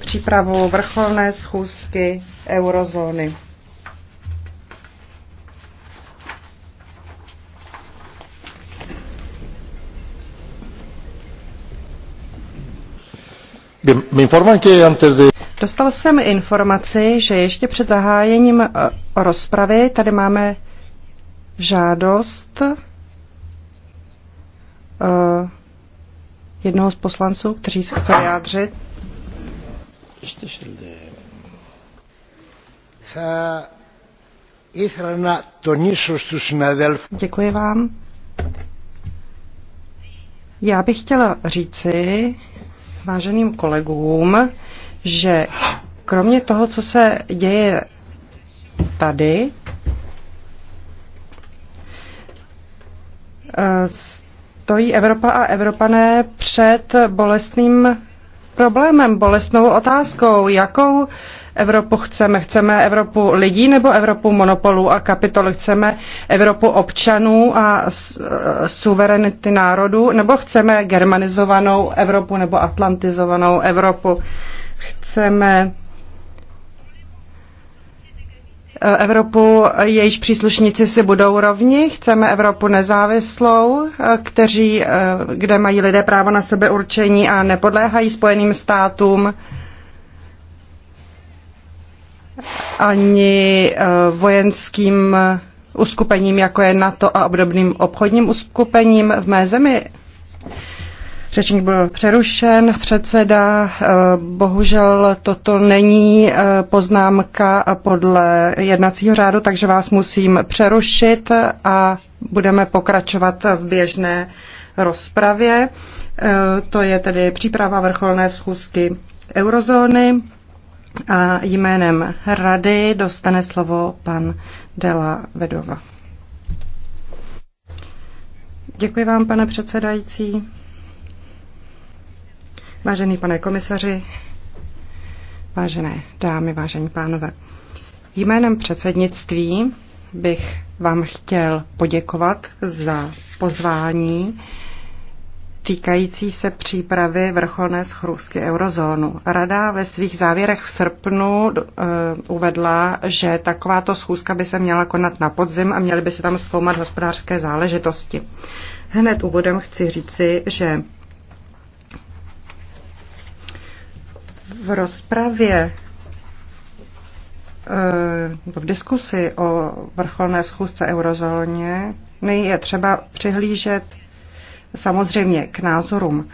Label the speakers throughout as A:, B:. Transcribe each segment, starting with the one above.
A: přípravu vrcholné schůzky eurozóny. Dostal jsem informaci, že ještě před zahájením eh, rozpravy tady máme žádost eh, jednoho z poslanců, kteří se chce vyjádřit.
B: Děkuji vám.
A: Já bych chtěla říci váženým kolegům, že kromě toho, co se děje tady, eh, stojí Evropa a Evropané před bolestným problémem, bolestnou otázkou, jakou Evropu chceme. Chceme Evropu lidí nebo Evropu monopolů a kapitol Chceme Evropu občanů a e, suverenity národů nebo chceme germanizovanou Evropu nebo atlantizovanou Evropu? Chceme Evropu, jejíž příslušníci si budou rovni, chceme Evropu nezávislou, kteří, eh, kde mají lidé právo na sebe určení a nepodléhají spojeným státům ani eh, vojenským uskupením, jako je NATO a obdobným obchodním uskupením v mé zemi. Řečník byl přerušen, předseda. Eh, bohužel toto není eh, poznámka podle jednacího řádu, takže vás musím přerušit a budeme pokračovat v běžné rozpravě. Eh, to je tedy příprava vrcholné schůzky eurozóny a jménem rady dostane slovo pan Dela Vedova. Děkuji vám, pane předsedající. Vážený pane komisaři, vážené dámy, vážení pánové, jménem předsednictví bych vám chtěl poděkovat za pozvání týkající se přípravy vrcholné schůzky eurozónu. Rada ve svých závěrech v srpnu e, uvedla, že takováto schůzka by se měla konat na podzim a měly by se tam zkoumat hospodářské záležitosti. Hned úvodem chci říci, že v rozpravě eh, v diskusi o vrcholné schůzce eurozóně je třeba přihlížet samozřejmě k názorům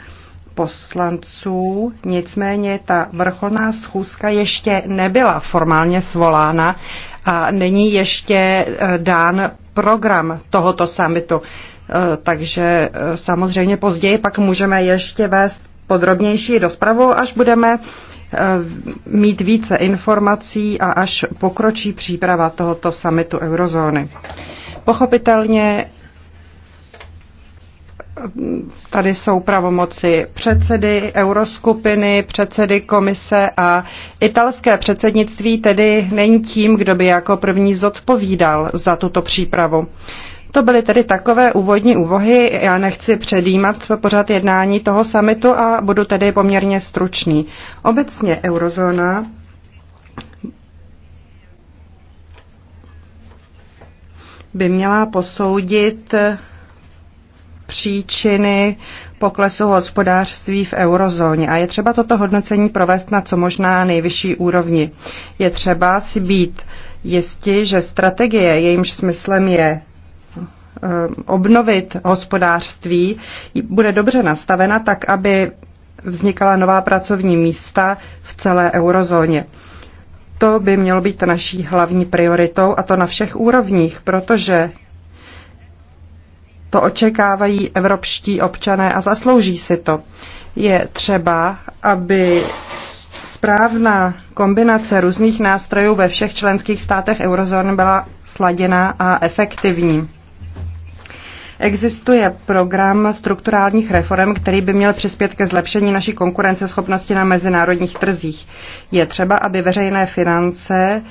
A: poslanců, nicméně ta vrcholná schůzka ještě nebyla formálně svolána a není ještě eh, dán program tohoto samitu. Eh, takže samozřejmě později pak můžeme ještě vést podrobnější rozpravu, až budeme Eh, mít více informací a až pokročí příprava tohoto samitu eurozóny. Pochopitelně eh, tady jsou pravomoci předsedy euroskupiny, předsedy komise a italské předsednictví tedy není tím, kdo by jako první zodpovídal za tuto přípravu. To byly tedy takové úvodní úvohy. Já nechci předjímat pořád jednání toho samitu a budu tedy poměrně stručný. Obecně eurozóna by měla posoudit příčiny poklesu hospodářství v eurozóně a je třeba toto hodnocení provést na co možná nejvyšší úrovni. Je třeba si být jistí, že strategie, jejímž smyslem je Eh, obnovit hospodářství, bude dobře nastavena tak, aby vznikala nová pracovní místa v celé eurozóně. To by mělo být naší hlavní prioritou a to na všech úrovních, protože to očekávají evropští občané a zaslouží si to. Je třeba, aby správná kombinace různých nástrojů ve všech členských státech eurozóny byla sladěná a efektivní. Existuje program strukturálních reform, který by měl přispět ke zlepšení naší konkurenceschopnosti na mezinárodních trzích. Je třeba, aby veřejné finance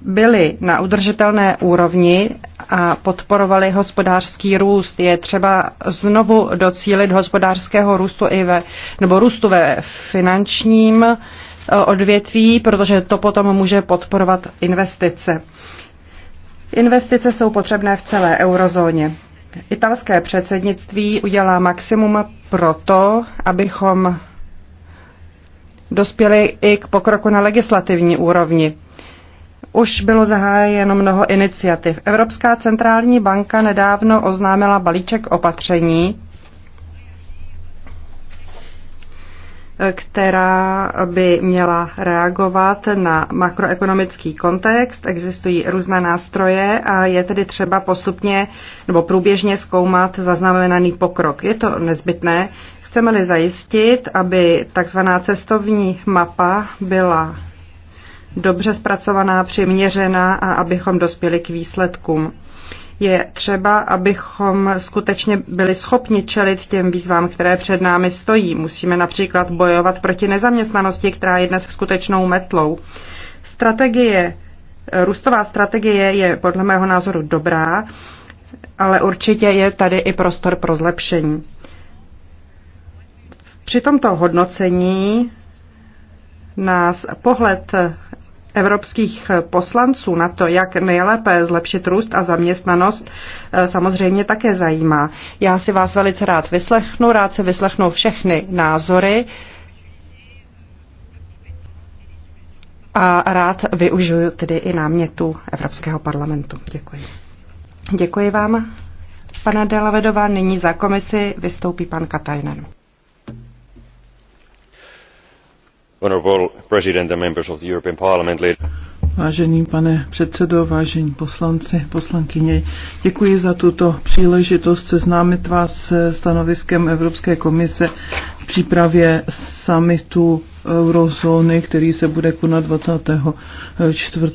A: byly na udržitelné úrovni a podporovaly hospodářský růst. Je třeba znovu docílit hospodářského růstu i ve, nebo růstu ve finančním eh, odvětví, protože to potom může podporovat investice. Investice jsou potřebné v celé eurozóně. Italské předsednictví udělá maximum pro to, abychom dospěli i k pokroku na legislativní úrovni. Už bylo zahájeno mnoho iniciativ. Evropská centrální banka nedávno oznámila balíček opatření, která by měla reagovat na makroekonomický kontext. Existují různé nástroje a je tedy třeba postupně nebo průběžně zkoumat zaznamenaný pokrok. Je to nezbytné. Chceme-li zajistit, aby takzvaná cestovní mapa byla dobře zpracovaná, přiměřená a abychom dospěli k výsledkům je třeba, abychom skutečně byli schopni čelit těm výzvám, které před námi stojí. Musíme například bojovat proti nezaměstnanosti, která je dnes skutečnou metlou. Strategie, růstová strategie je podle mého názoru dobrá, ale určitě je tady i prostor pro zlepšení. Při tomto hodnocení nás pohled evropských poslanců na to, jak nejlépe zlepšit růst a zaměstnanost, eh, samozřejmě také zajímá. Já si vás velice rád vyslechnu, rád si vyslechnu všechny názory a rád využiju tedy i námětu Evropského parlamentu. Děkuji. Děkuji vám, pana Delavedová. Nyní za komisi vystoupí
B: pan Katajnen. Vážený pane předsedo, vážení poslanci, poslankyně, děkuji za tuto příležitost seznámit vás se stanoviskem Evropské komise v přípravě summitu eurozóny, který se bude konat 24.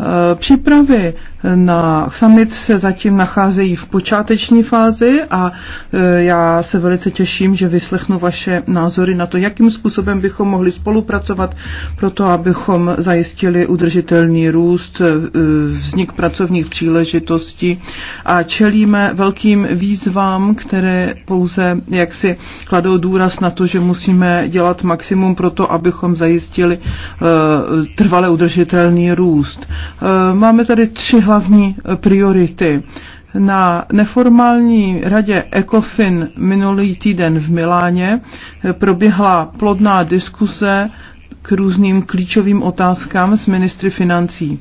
B: Eh, přípravy na summit se zatím nacházejí v počáteční fázi a eh, já se velice těším, že vyslechnu vaše názory na to, jakým způsobem bychom mohli spolupracovat pro to, abychom zajistili udržitelný růst, eh, vznik pracovních příležitostí a čelíme velkým výzvám, které pouze jaksi kladou důraz na to, že musíme dělat dělat maximum pro to, abychom zajistili eh, trvale udržitelný růst. Eh, máme tady tři hlavní eh, priority. Na neformální radě ECOFIN minulý týden v Miláně proběhla plodná diskuse k různým klíčovým otázkám s ministry financí.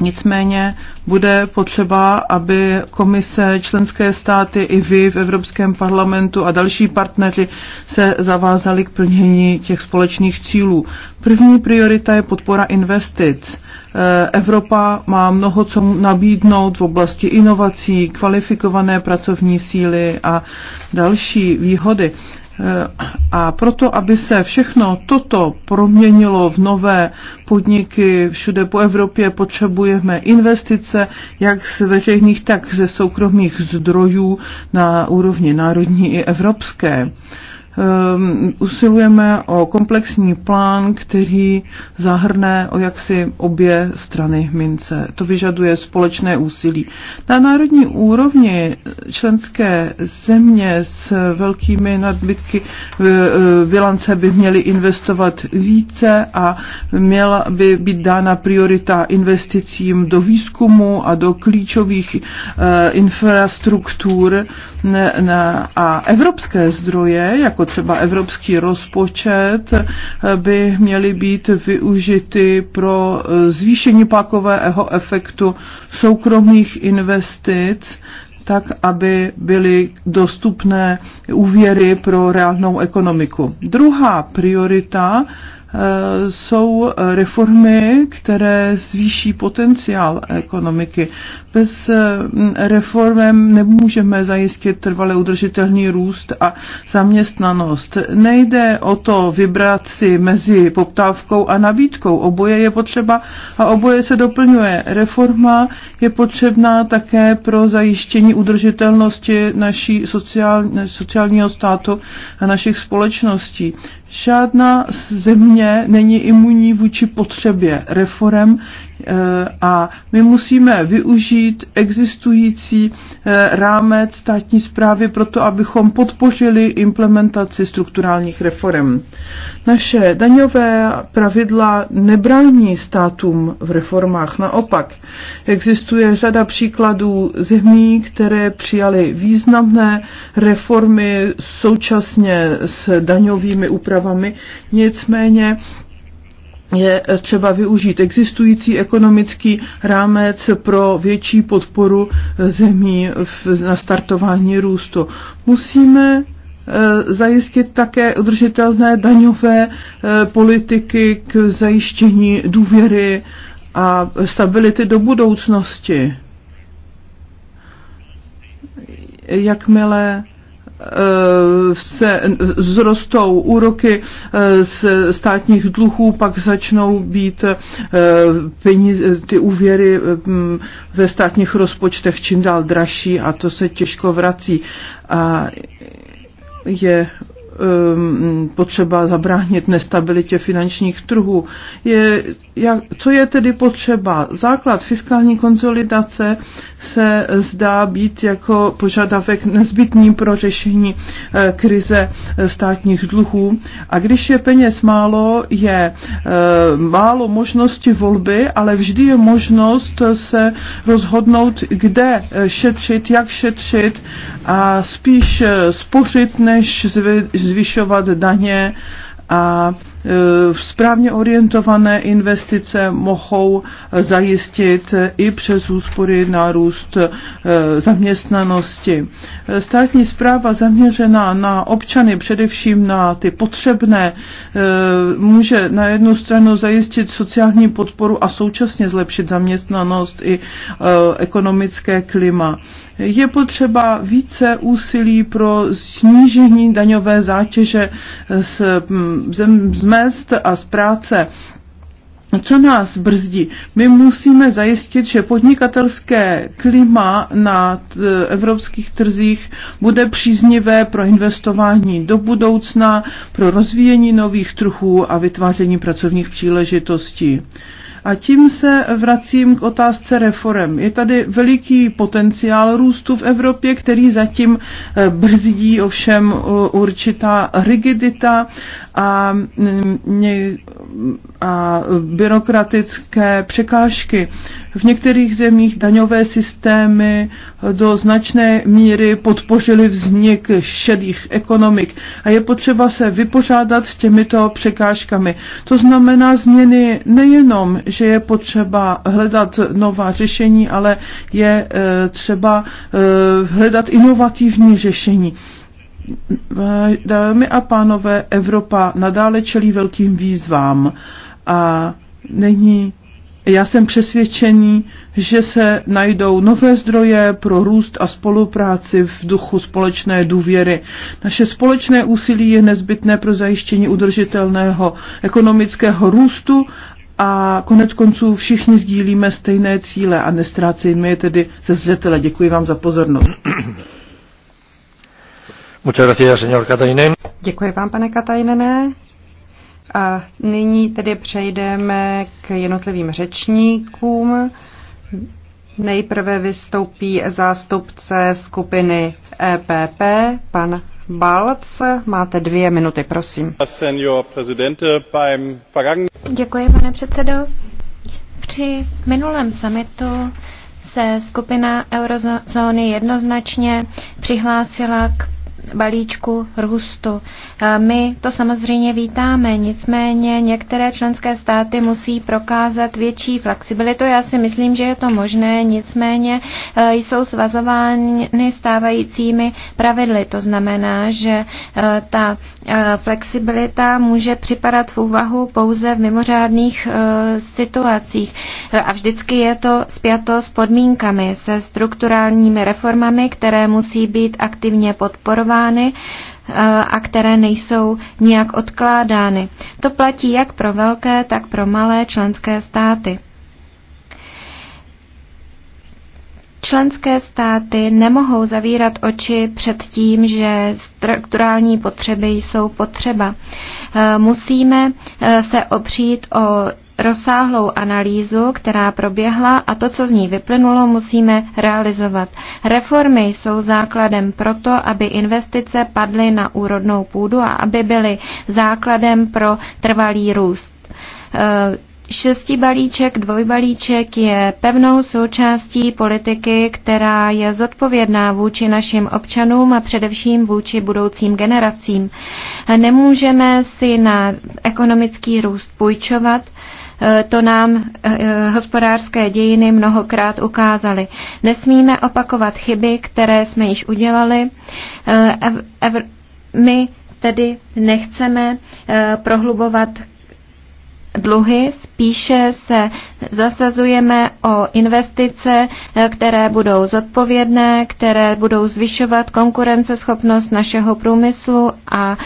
B: Nicméně bude potřeba, aby komise, členské státy i vy v Evropském parlamentu a další partneři se zavázali k plnění těch společných cílů. První priorita je podpora investic. Eh, Evropa má mnoho co nabídnout v oblasti inovací, kvalifikované pracovní síly a další výhody. A proto, aby se všechno toto proměnilo v nové podniky všude po Evropě, potřebujeme investice, jak z veřejných, tak ze soukromých zdrojů na úrovni národní i evropské um, usilujeme o komplexní plán, který zahrne o jaksi obě strany mince. To vyžaduje společné úsilí. Na národní úrovni členské země s velkými nadbytky eh, bilance by měly investovat více a měla by být dána priorita investicím do výzkumu a do klíčových uh, infrastruktur ne, ne, a evropské zdroje, jako jako třeba evropský rozpočet, eh, by měly být využity pro eh, zvýšení pákového efektu soukromých investic, tak, aby byly dostupné úvěry pro reálnou ekonomiku. Druhá priorita Eh, jsou eh, reformy, které zvýší potenciál ekonomiky. Bez eh, reformem nemůžeme zajistit trvale udržitelný růst a zaměstnanost. Nejde o to vybrat si mezi poptávkou a nabídkou. Oboje je potřeba a oboje se doplňuje. Reforma je potřebná také pro zajištění udržitelnosti naší sociál, sociálního státu a našich společností. Žádná země není imunní vůči potřebě reform a my musíme využít existující eh, rámec státní zprávy proto, abychom podpořili implementaci strukturálních reform. Naše daňové pravidla nebrání státům v reformách, naopak. Existuje řada příkladů zemí, které přijaly významné reformy současně s daňovými úpravami, nicméně je třeba využít existující ekonomický rámec pro větší podporu zemí na startování růstu. Musíme e, zajistit také udržitelné daňové e, politiky k zajištění důvěry a stability do budoucnosti. Jakmile Eh, se zrostou úroky eh, z státních dluhů, pak začnou být eh, peníze, ty úvěry ve státních rozpočtech čím dál dražší a to se těžko vrací. A je Ehm, potřeba zabránit nestabilitě finančních trhů. Je, jak, co je tedy potřeba? Základ fiskální konsolidace se zdá být jako požadavek nezbytný pro řešení eh, krize eh, státních dluhů. A když je peněz málo, je eh, málo možnosti volby, ale vždy je možnost se rozhodnout, kde šetřit, jak šetřit a spíš spořit, než zvyšovat daně a e, správně orientované investice mohou zajistit i přes úspory nárůst e, zaměstnanosti. Státní zpráva zaměřená na občany, především na ty potřebné, e, může na jednu stranu zajistit sociální podporu a současně zlepšit zaměstnanost i ekonomické klima je potřeba více úsilí pro snížení daňové zátěže z, z mest a z práce. Co nás brzdí? My musíme zajistit, že podnikatelské klima na evropských trzích bude příznivé pro investování do budoucna, pro rozvíjení nových trhů a vytváření pracovních příležitostí. A tím se vracím k otázce reform. Je tady veliký potenciál růstu v Evropě, který zatím eh, brzdí ovšem určitá rigidita a, mm, a byrokratické překážky. V některých zemích daňové systémy do značné míry podpořily vznik šedých ekonomik a je potřeba se vypořádat s těmito překážkami. To znamená změny nejenom, že je potřeba hledat nová řešení, ale je eh, třeba eh, hledat inovativní řešení. Dámy a pánové, Evropa nadále čelí velkým výzvám a není já jsem přesvědčený, že se najdou nové zdroje pro růst a spolupráci v duchu společné důvěry. Naše společné úsilí je nezbytné pro zajištění udržitelného ekonomického růstu a konec konců všichni sdílíme stejné cíle a nestrácejme je tedy ze zřetele. Děkuji vám za pozornost. Děkuji vám, pane Katajnené.
A: A nyní tedy přejdeme k jednotlivým řečníkům. Nejprve vystoupí zástupce skupiny EPP, pan Balc, máte dvě minuty, prosím.
C: Děkuji, pane předsedo. Při minulém summitu se skupina eurozóny jednoznačně přihlásila k balíčku růstu. My to samozřejmě vítáme, nicméně některé členské státy musí prokázat větší flexibilitu. Já si myslím, že je to možné, nicméně e, jsou svazovány stávajícími pravidly. To znamená, že e, ta e, flexibilita může připadat v úvahu pouze v mimořádných situacích. A vždycky je to spjato s podmínkami, se strukturálními reformami, které musí být aktivně podporovány zachovány eh, a které nejsou nijak odkládány. To platí jak pro velké, tak pro malé členské státy. Členské státy nemohou zavírat oči před tím, že strukturální potřeby jsou potřeba. Eh, musíme eh, se opřít o rozsáhlou analýzu, která proběhla a to, co z ní vyplynulo, musíme realizovat. Reformy jsou základem proto, aby investice padly na úrodnou půdu a aby byly základem pro trvalý růst. Eh, Šestí balíček, dvojbalíček je pevnou součástí politiky, která je zodpovědná vůči našim občanům a především vůči budoucím generacím. Nemůžeme si na ekonomický růst půjčovat, Eh, to nám eh, eh, hospodářské dějiny mnohokrát ukázaly. Nesmíme opakovat chyby, které jsme již udělali. My tedy nechceme prohlubovat dluhy, spíše se zasazujeme o investice, které budou zodpovědné, které budou zvyšovat konkurenceschopnost našeho průmyslu a e,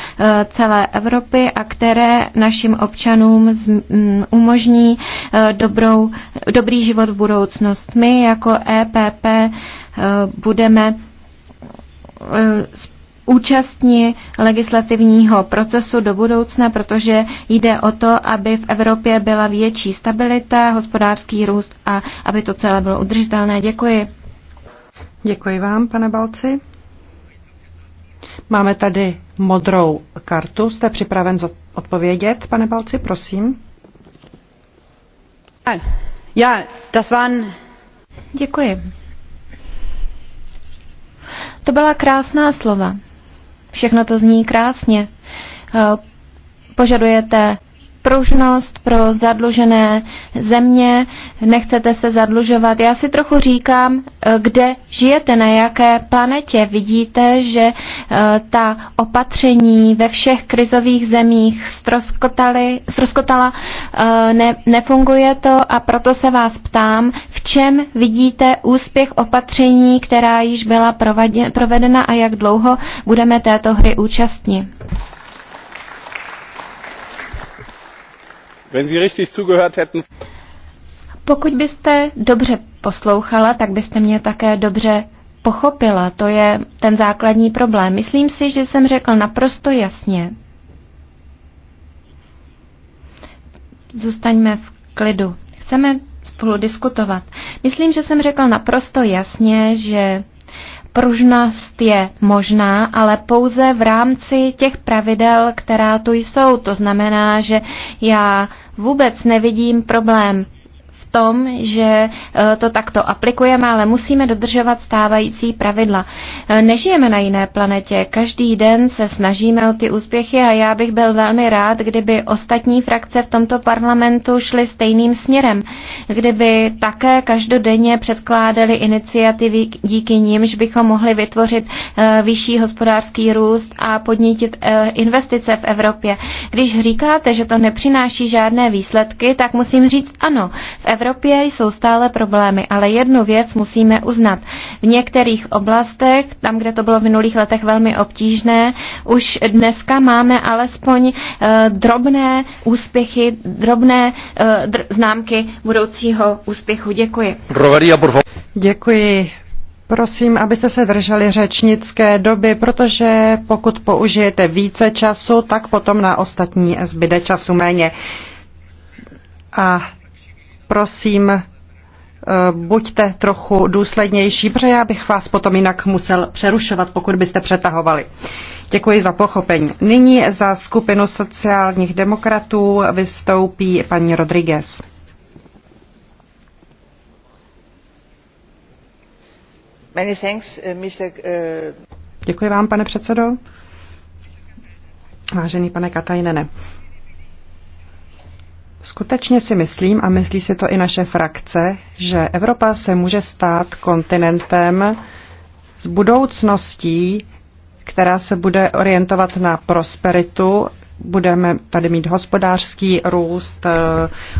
C: celé Evropy a které našim občanům umožní e, dobrou, dobrý život v budoucnost. My jako EPP e, budeme účastní legislativního procesu do budoucna, protože jde o to, aby v Evropě byla větší stabilita, hospodářský růst a aby to celé bylo udržitelné. Děkuji. Děkuji vám, pane Balci.
A: Máme tady modrou kartu. Jste připraven odpovědět, pane Balci, prosím?
C: Já, das waren... Děkuji. To byla krásná slova. Všechno to zní krásně. Eh, požadujete pružnost pro zadlužené země, nechcete se zadlužovat. Já si trochu říkám, eh, kde žijete, na jaké planetě. Vidíte, že eh, ta opatření ve všech krizových zemích stroskotala, eh, ne, nefunguje to a proto se vás ptám, v čem vidíte úspěch opatření, která již byla provedena a jak dlouho budeme této hry účastní.
A: Wenn Sie richtig zugehört hätten...
C: Pokud byste dobře poslouchala, tak byste mě také dobře pochopila. To je ten základní problém. Myslím si, že jsem řekl naprosto jasně. Zůstaňme v klidu. Chceme spolu diskutovat. Myslím, že jsem řekl naprosto jasně, že Pružnost je možná, ale pouze v rámci těch pravidel, která tu jsou. To znamená, že já vůbec nevidím problém tom, že eh, to takto aplikujeme, ale musíme dodržovat stávající pravidla. Eh, nežijeme na jiné planetě, každý den se snažíme o ty úspěchy a já bych byl velmi rád, kdyby ostatní frakce v tomto parlamentu šly stejným směrem, kdyby také každodenně předkládali iniciativy, díky nímž bychom mohli vytvořit eh, vyšší hospodářský růst a podnítit investice v Evropě. Když říkáte, že to nepřináší žádné výsledky, tak musím říct ano. V Evropě Evropě jsou stále problémy, ale jednu věc musíme uznat. V některých oblastech, tam, kde to bylo v minulých letech velmi obtížné, už dneska máme alespoň eh, drobné úspěchy, drobné eh, dr- známky budoucího úspěchu. Děkuji. Děkuji. Prosím, abyste se drželi řečnické doby,
A: protože pokud použijete více času, tak potom na ostatní zbyde času méně. A prosím, eh, buďte trochu důslednější, protože já bych vás potom jinak musel přerušovat, pokud byste přetahovali. Děkuji za pochopení. Nyní za skupinu sociálních demokratů vystoupí paní Rodriguez.
B: Many thanks, eh, Mr. Eh,
A: Děkuji vám, pane předsedo. Vážený pane Katajnene, Skutečně si myslím, a myslí si to i naše frakce, že Evropa se může stát kontinentem s budoucností, která se bude orientovat na prosperitu, budeme tady mít hospodářský růst, eh,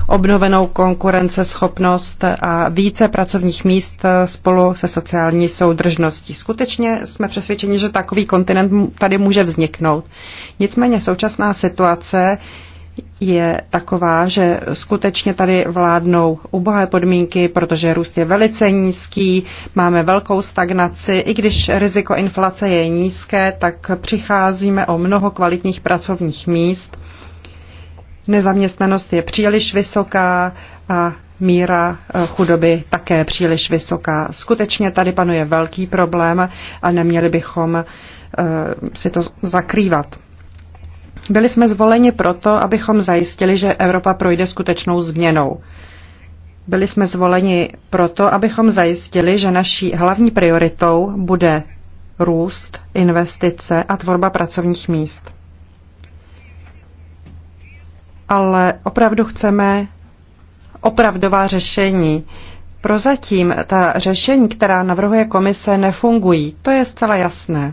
A: obnovenou konkurenceschopnost a více pracovních míst eh, spolu se sociální soudržností. Skutečně jsme přesvědčeni, že takový kontinent tady může vzniknout. Nicméně současná situace je taková, že skutečně tady vládnou ubohé podmínky, protože růst je velice nízký, máme velkou stagnaci. I když riziko inflace je nízké, tak přicházíme o mnoho kvalitních pracovních míst. Nezaměstnanost je příliš vysoká a míra eh, chudoby také příliš vysoká. Skutečně tady panuje velký problém a neměli bychom eh, si to zakrývat. Byli jsme zvoleni proto, abychom zajistili, že Evropa projde skutečnou změnou. Byli jsme zvoleni proto, abychom zajistili, že naší hlavní prioritou bude růst, investice a tvorba pracovních míst. Ale opravdu chceme opravdová řešení. Prozatím ta řešení, která navrhuje komise, nefungují. To je zcela jasné.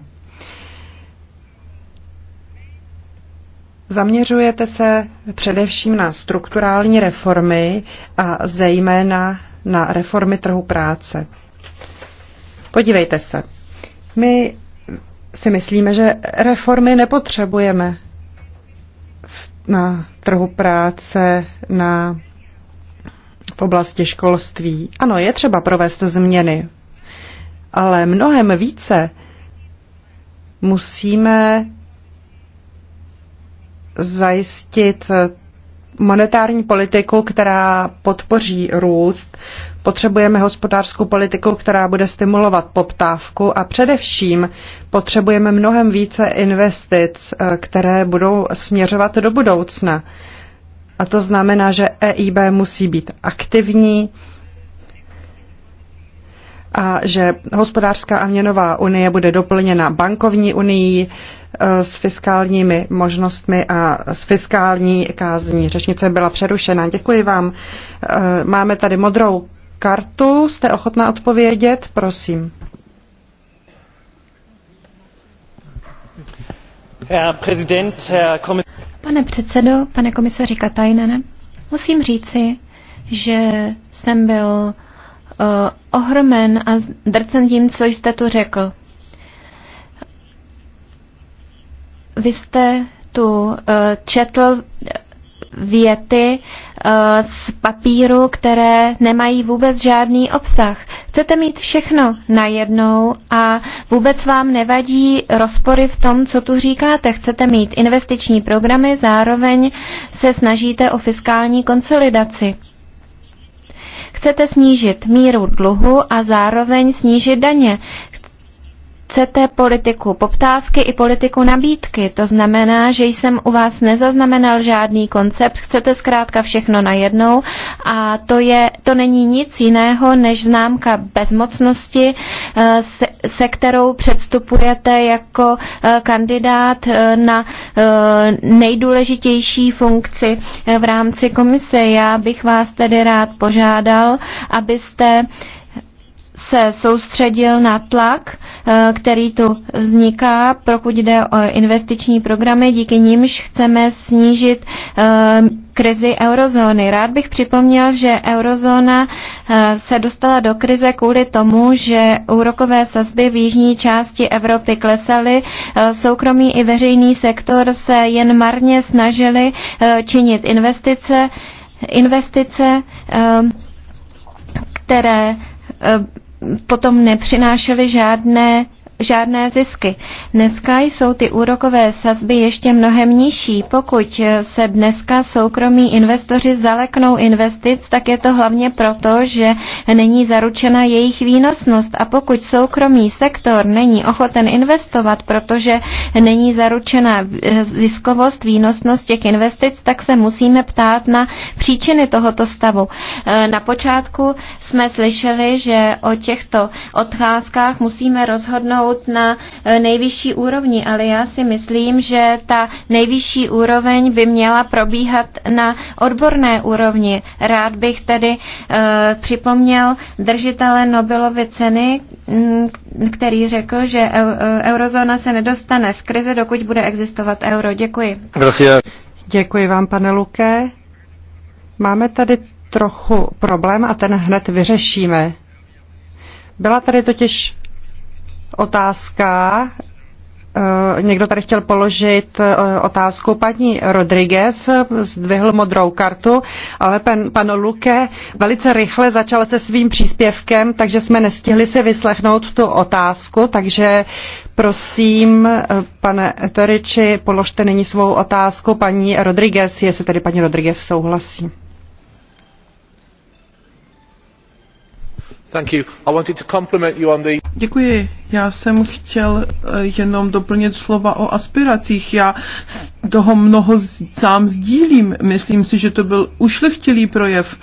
A: Zaměřujete se především na strukturální reformy a zejména na reformy trhu práce. Podívejte se. My si myslíme, že reformy nepotřebujeme na trhu práce, na, v oblasti školství. Ano, je třeba provést změny, ale mnohem více musíme zajistit eh, monetární politiku, která podpoří růst. Potřebujeme hospodářskou politiku, která bude stimulovat poptávku a především potřebujeme mnohem více investic, eh, které budou směřovat do budoucna. A to znamená, že EIB musí být aktivní, a že hospodářská a měnová unie bude doplněna bankovní unii e, s fiskálními možnostmi a s fiskální kázní. Řečnice byla přerušena. Děkuji vám. E, máme tady modrou kartu. Jste ochotná odpovědět? Prosím.
C: Pane předsedo, pane komisaři Katajnene, musím říci, že jsem byl Eh, ohromen a drcen tím, co jste tu řekl. Vy jste tu eh, četl věty eh, z papíru, které nemají vůbec žádný obsah. Chcete mít všechno najednou a vůbec vám nevadí rozpory v tom, co tu říkáte. Chcete mít investiční programy, zároveň se snažíte o fiskální konsolidaci. Chcete snížit míru dluhu a zároveň snížit daně chcete politiku poptávky i politiku nabídky. To znamená, že jsem u vás nezaznamenal žádný koncept, chcete zkrátka všechno najednou a to, je, to není nic jiného než známka bezmocnosti, eh, se, se kterou předstupujete jako eh, kandidát eh, na nejdůležitější funkci v rámci komise. Já bych vás tedy rád požádal, abyste uh, se soustředil na tlak, eh, který tu vzniká, pokud jde o investiční programy, díky nímž chceme snížit eh, krizi eurozóny. Rád bych připomněl, že eurozóna eh, se dostala do krize kvůli tomu, že úrokové sazby v jižní části Evropy klesaly, soukromý i veřejný sektor se jen marně snažili činit investice, investice které potom nepřinášely žádné žádné zisky. Dneska jsou ty úrokové sazby ještě mnohem nižší. Pokud se dneska soukromí investoři zaleknou investic, tak je to hlavně proto, že není zaručena jejich výnosnost. A pokud soukromý sektor není ochoten investovat, protože není zaručena ziskovost, výnosnost těch investic, tak se musíme ptát na příčiny tohoto stavu. E, na počátku jsme slyšeli, že o těchto otázkách musíme rozhodnout dohodnout na e, nejvyšší úrovni, ale já si myslím, že ta nejvyšší úroveň by měla probíhat na odborné úrovni. Rád bych tedy e, připomněl držitele Nobelovy ceny, který řekl, že e, eurozóna se nedostane z krize, dokud bude existovat euro. Děkuji.
A: Děkuji vám, pane Luke. Máme tady trochu problém a ten hned vyřešíme. Byla tady totiž otázka. Eh, někdo tady chtěl položit eh, otázku. Paní Rodriguez zdvihl modrou kartu, ale pan, pan Luke velice rychle začal se svým příspěvkem, takže jsme nestihli si vyslechnout tu otázku, takže prosím, eh, pane Eteriči, položte nyní svou otázku paní Rodriguez, jestli tedy paní
B: Rodriguez souhlasí.
A: Thank you. I wanted to compliment you on the
B: Děkuji. Já jsem chtěl eh, jenom doplnit slova o aspiracích. Já z toho mnoho sám sdílím. Myslím si, že to byl ušlechtilý projev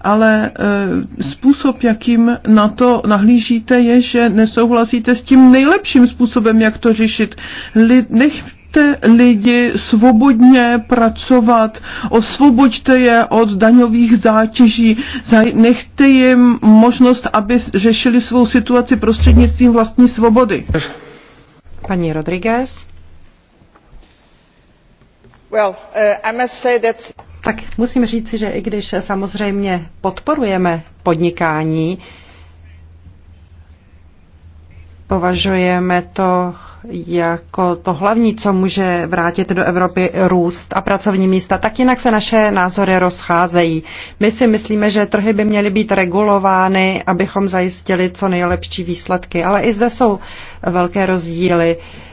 B: ale eh, způsob, jakým na to nahlížíte, je, že nesouhlasíte s tím nejlepším způsobem, jak to řešit. Lid, nech Nechte lidi svobodně pracovat, osvoboďte je od daňových zátěží, nechte jim možnost, aby řešili svou situaci prostřednictvím vlastní svobody. Paní Rodriguez.
A: Well, uh, I must say that... Tak musím říci, že i když samozřejmě podporujeme podnikání, uh, Považujeme to jako to hlavní, co může vrátit do Evropy růst a pracovní místa. Tak jinak se naše názory rozcházejí. My si myslíme, že trhy by měly být regulovány, abychom zajistili co nejlepší výsledky. Ale i zde jsou velké rozdíly. Uh,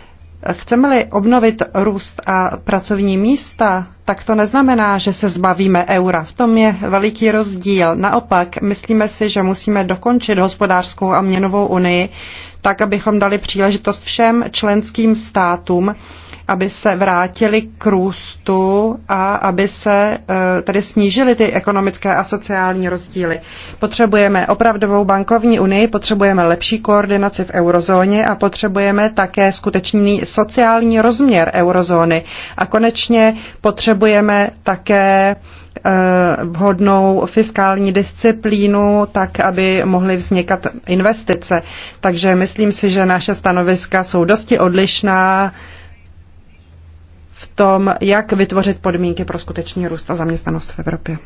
A: Chceme-li obnovit růst a pracovní místa, tak to neznamená, že se zbavíme eura. V tom je veliký rozdíl. Naopak, myslíme si, že musíme dokončit hospodářskou a měnovou unii, tak abychom dali příležitost všem členským státům aby se vrátili k růstu a aby se e, tedy snížily ty ekonomické a sociální rozdíly. Potřebujeme opravdovou bankovní unii, potřebujeme lepší koordinaci v eurozóně a potřebujeme také skutečný sociální rozměr eurozóny. A konečně potřebujeme také e, vhodnou fiskální disciplínu, tak aby mohly vznikat investice. Takže myslím si, že naše stanoviska jsou dosti odlišná v tom, jak vytvořit podmínky pro skutečný růst a zaměstnanost v Evropě.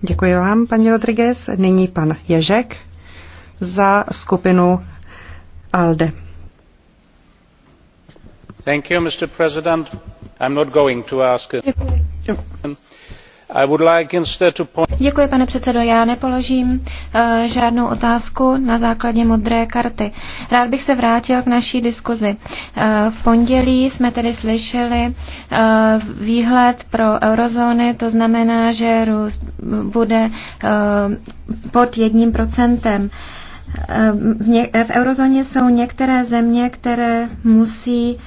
A: Děkuji vám, paní Rodriguez. Nyní pan Ježek za skupinu ALDE. Thank you, Mr. President. I'm not going to ask. Děkuji.
C: Děkuji, pane předsedo. Já nepoložím uh, žádnou otázku na základě modré karty. Rád bych se vrátil k naší diskuzi. Uh, v pondělí jsme tedy slyšeli uh, výhled pro eurozóny, to znamená, že růst bude uh, pod jedním procentem. Uh, Eh, v eurozóně jsou některé země, které musí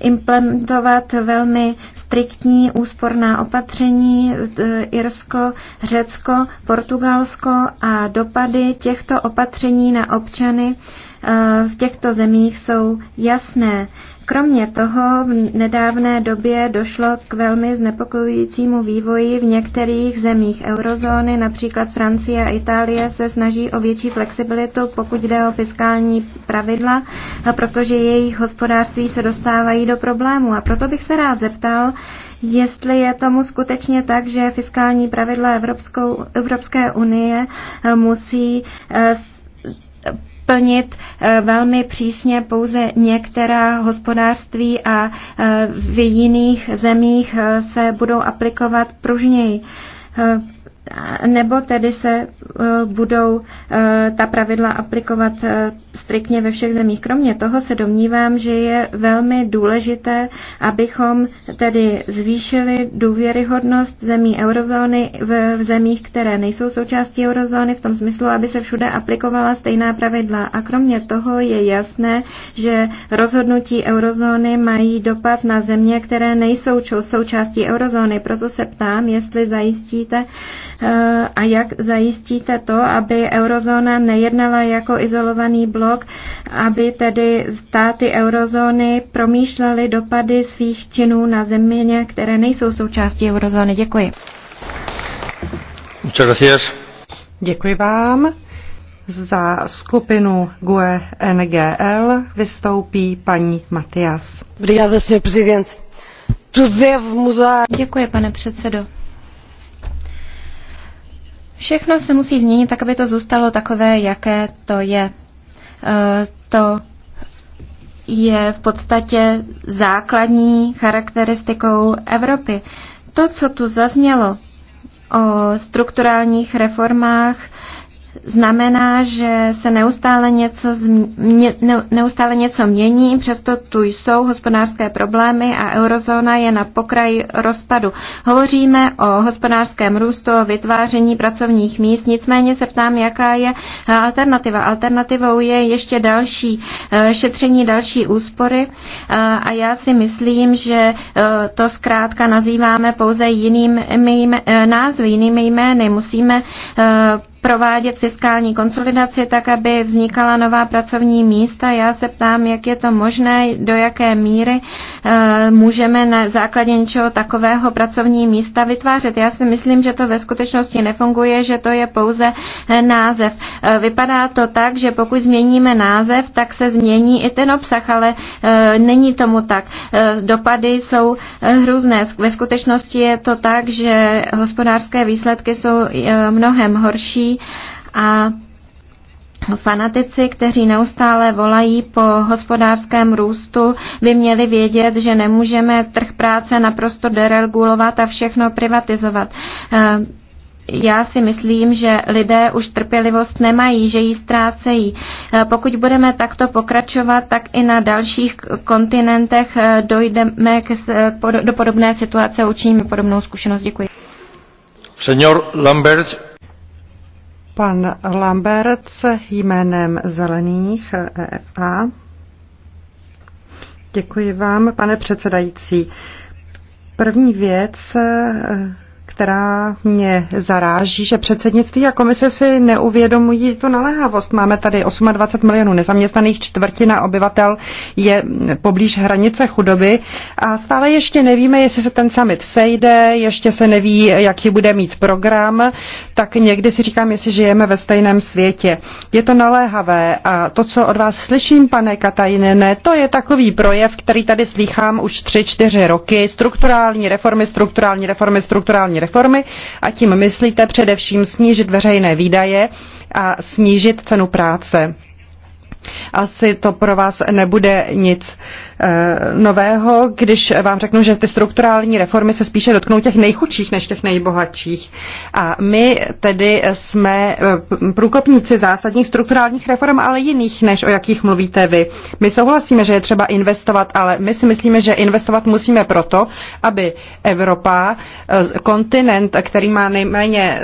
C: implementovat velmi striktní úsporná opatření, eh, Irsko, Řecko, Portugalsko a dopady těchto opatření na občany v těchto zemích jsou jasné. Kromě toho v nedávné době došlo k velmi znepokojujícímu vývoji v některých zemích eurozóny, například Francie a Itálie se snaží o větší flexibilitu, pokud jde o fiskální pravidla, protože jejich hospodářství se dostávají do problému. A proto bych se rád zeptal, jestli je tomu skutečně tak, že fiskální pravidla Evropskou, Evropské unie eh, musí eh, plnit eh, velmi přísně pouze některá hospodářství a eh, v jiných zemích eh, se budou aplikovat pružněji nebo tedy se eh, budou eh, ta pravidla aplikovat eh, striktně ve všech zemích. Kromě toho se domnívám, že je velmi důležité, abychom tedy zvýšili důvěryhodnost zemí eurozóny v zemích, které nejsou součástí eurozóny, v tom smyslu, aby se všude aplikovala stejná pravidla. A kromě toho je jasné, že rozhodnutí eurozóny mají dopad na země, které nejsou součástí eurozóny. Proto se ptám, jestli zajistíte, Eh, a jak zajistíte to, aby eurozóna nejednala jako izolovaný blok, aby tedy státy eurozóny promýšlely dopady svých činů na země, které nejsou součástí eurozóny. Děkuji.
A: Děkuji vám. Za skupinu GUE NGL vystoupí paní Matias.
C: Děkuji, pane předsedo. Všechno se musí změnit tak, aby to zůstalo takové, jaké to je. E, to je v podstatě základní charakteristikou Evropy. To, co tu zaznělo o strukturálních reformách, znamená, že se neustále něco, změ, neustále něco mění, přesto tu jsou hospodářské problémy a eurozóna je na pokraji rozpadu. Hovoříme o hospodářském růstu, o vytváření pracovních míst, nicméně se ptám, jaká je alternativa. Alternativou je ještě další eh, šetření, další úspory eh, a já si myslím, že eh, to zkrátka nazýváme pouze jinými názvy, jinými jmény. Musíme provádět fiskální konsolidaci tak, aby vznikala nová pracovní místa. Já se ptám, jak je to možné, do jaké míry eh, můžeme na základě něčeho takového pracovní místa vytvářet. Já si myslím, že to ve skutečnosti nefunguje, že to je pouze eh, název. Eh, vypadá to tak, že pokud změníme název, tak se změní i ten obsah, ale není tomu tak. Dopady jsou hrůzné. Ve skutečnosti je to tak, že hospodářské výsledky jsou mnohem horší a fanatici, kteří neustále volají po hospodářském růstu, by měli vědět, že nemůžeme trh práce naprosto deregulovat a všechno privatizovat. Eh, já si myslím, že lidé už trpělivost nemají, že ji ztrácejí. Eh, pokud budeme takto pokračovat, tak i na dalších kontinentech eh, dojdeme k, do podobné situace, učiníme podobnou zkušenost. Děkuji.
B: Senor Lambert,
A: Pan Lambert jménem Zelených EFA. Děkuji vám, pane předsedající. První věc, která mě zaráží, že předsednictví a komise si neuvědomují tu naléhavost. Máme tady 28 milionů nezaměstnaných, čtvrtina obyvatel je poblíž hranice chudoby a stále ještě nevíme, jestli se ten summit sejde, ještě se neví, jaký bude mít program, tak někdy si říkám, jestli žijeme ve stejném světě. Je to naléhavé a to, co od vás slyším, pane Katajnene, to je takový projev, který tady slýchám už 3-4 roky. Strukturální reformy, strukturální reformy, strukturální reformy reformy a tím myslíte především snížit veřejné výdaje a snížit cenu práce. Asi to pro vás nebude nic eh, nového, když vám řeknu, že ty strukturální reformy se spíše dotknou těch nejchudších než těch nejbohatších. A my tedy jsme eh, průkopníci zásadních strukturálních reform, ale jiných, než o jakých mluvíte vy. My souhlasíme, že je třeba investovat, ale my si myslíme, že investovat musíme proto, aby Evropa, eh, kontinent, který má nejméně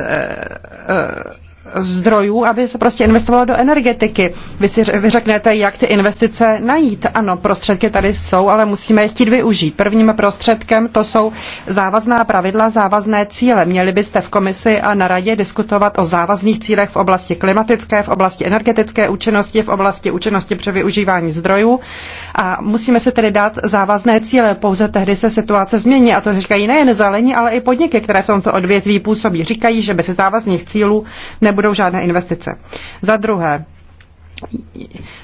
A: zdrojů, aby se prostě investovalo do energetiky. Vy si vy řeknete, jak ty investice najít. Ano, prostředky tady jsou, ale musíme je chtít využít. Prvním prostředkem to jsou závazná pravidla, závazné cíle. Měli byste v komisi a na radě diskutovat o závazných cílech v oblasti klimatické, v oblasti energetické účinnosti, v oblasti účinnosti při využívání zdrojů. A musíme si tedy dát závazné cíle. Pouze tehdy se situace změní. A to říkají nejen zelení, ale i podniky, které v tomto odvětví působí. Říkají, že bez závazných cílů ne nebudou žádné investice. Za druhé,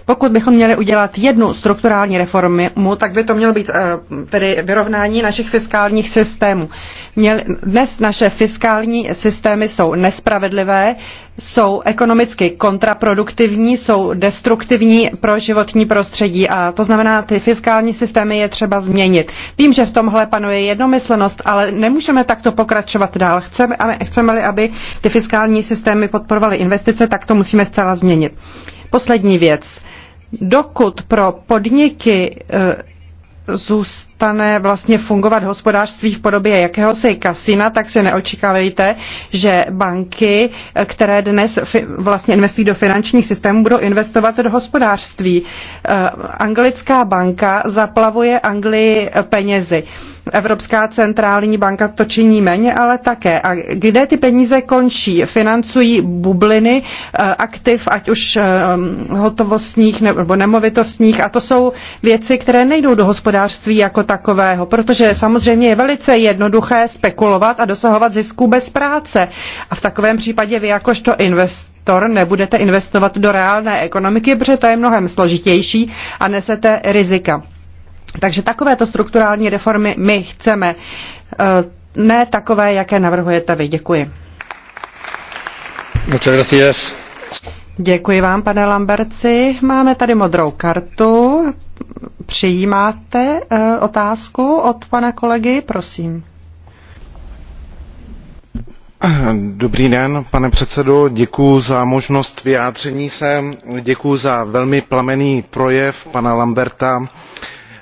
A: pokud bychom měli udělat jednu strukturální reformu, tak by to mělo být eh, tedy vyrovnání našich fiskálních systémů. dnes naše fiskální systémy jsou nespravedlivé, jsou ekonomicky kontraproduktivní, jsou destruktivní pro životní prostředí a to znamená, ty fiskální systémy je třeba změnit. Vím, že v tomhle panuje jednomyslenost, ale nemůžeme takto pokračovat dál. Chceme, chceme-li, aby ty fiskální systémy podporovaly investice, tak to musíme zcela změnit. Poslední věc. Dokud pro podniky e, zůstane vlastně fungovat hospodářství v podobě jakéhosi kasina, tak se neočekávejte, že banky, e, které dnes vlastně investují do finančních systémů, budou investovat do hospodářství. E, anglická banka zaplavuje Anglii penězi. Evropská centrální banka to činí méně, ale také. A kde ty peníze končí? Financují bubliny eh, aktiv, ať už eh, hotovostních nebo nemovitostních. A to jsou věci, které nejdou do hospodářství jako takového, protože samozřejmě je velice jednoduché spekulovat a dosahovat zisků bez práce. A v takovém případě vy jakožto investor nebudete investovat do reálné ekonomiky, protože to je mnohem složitější a nesete rizika. Takže takovéto strukturální reformy my chceme, e, ne takové, jaké navrhujete vy. Děkuji.
C: Muchas gracias.
A: Děkuji vám, pane Lamberci. Máme tady modrou kartu. Přijímáte e, otázku od pana kolegy? Prosím.
B: Dobrý den, pane předsedo, děkuji za
C: možnost vyjádření se, děkuji za velmi plamený projev pana Lamberta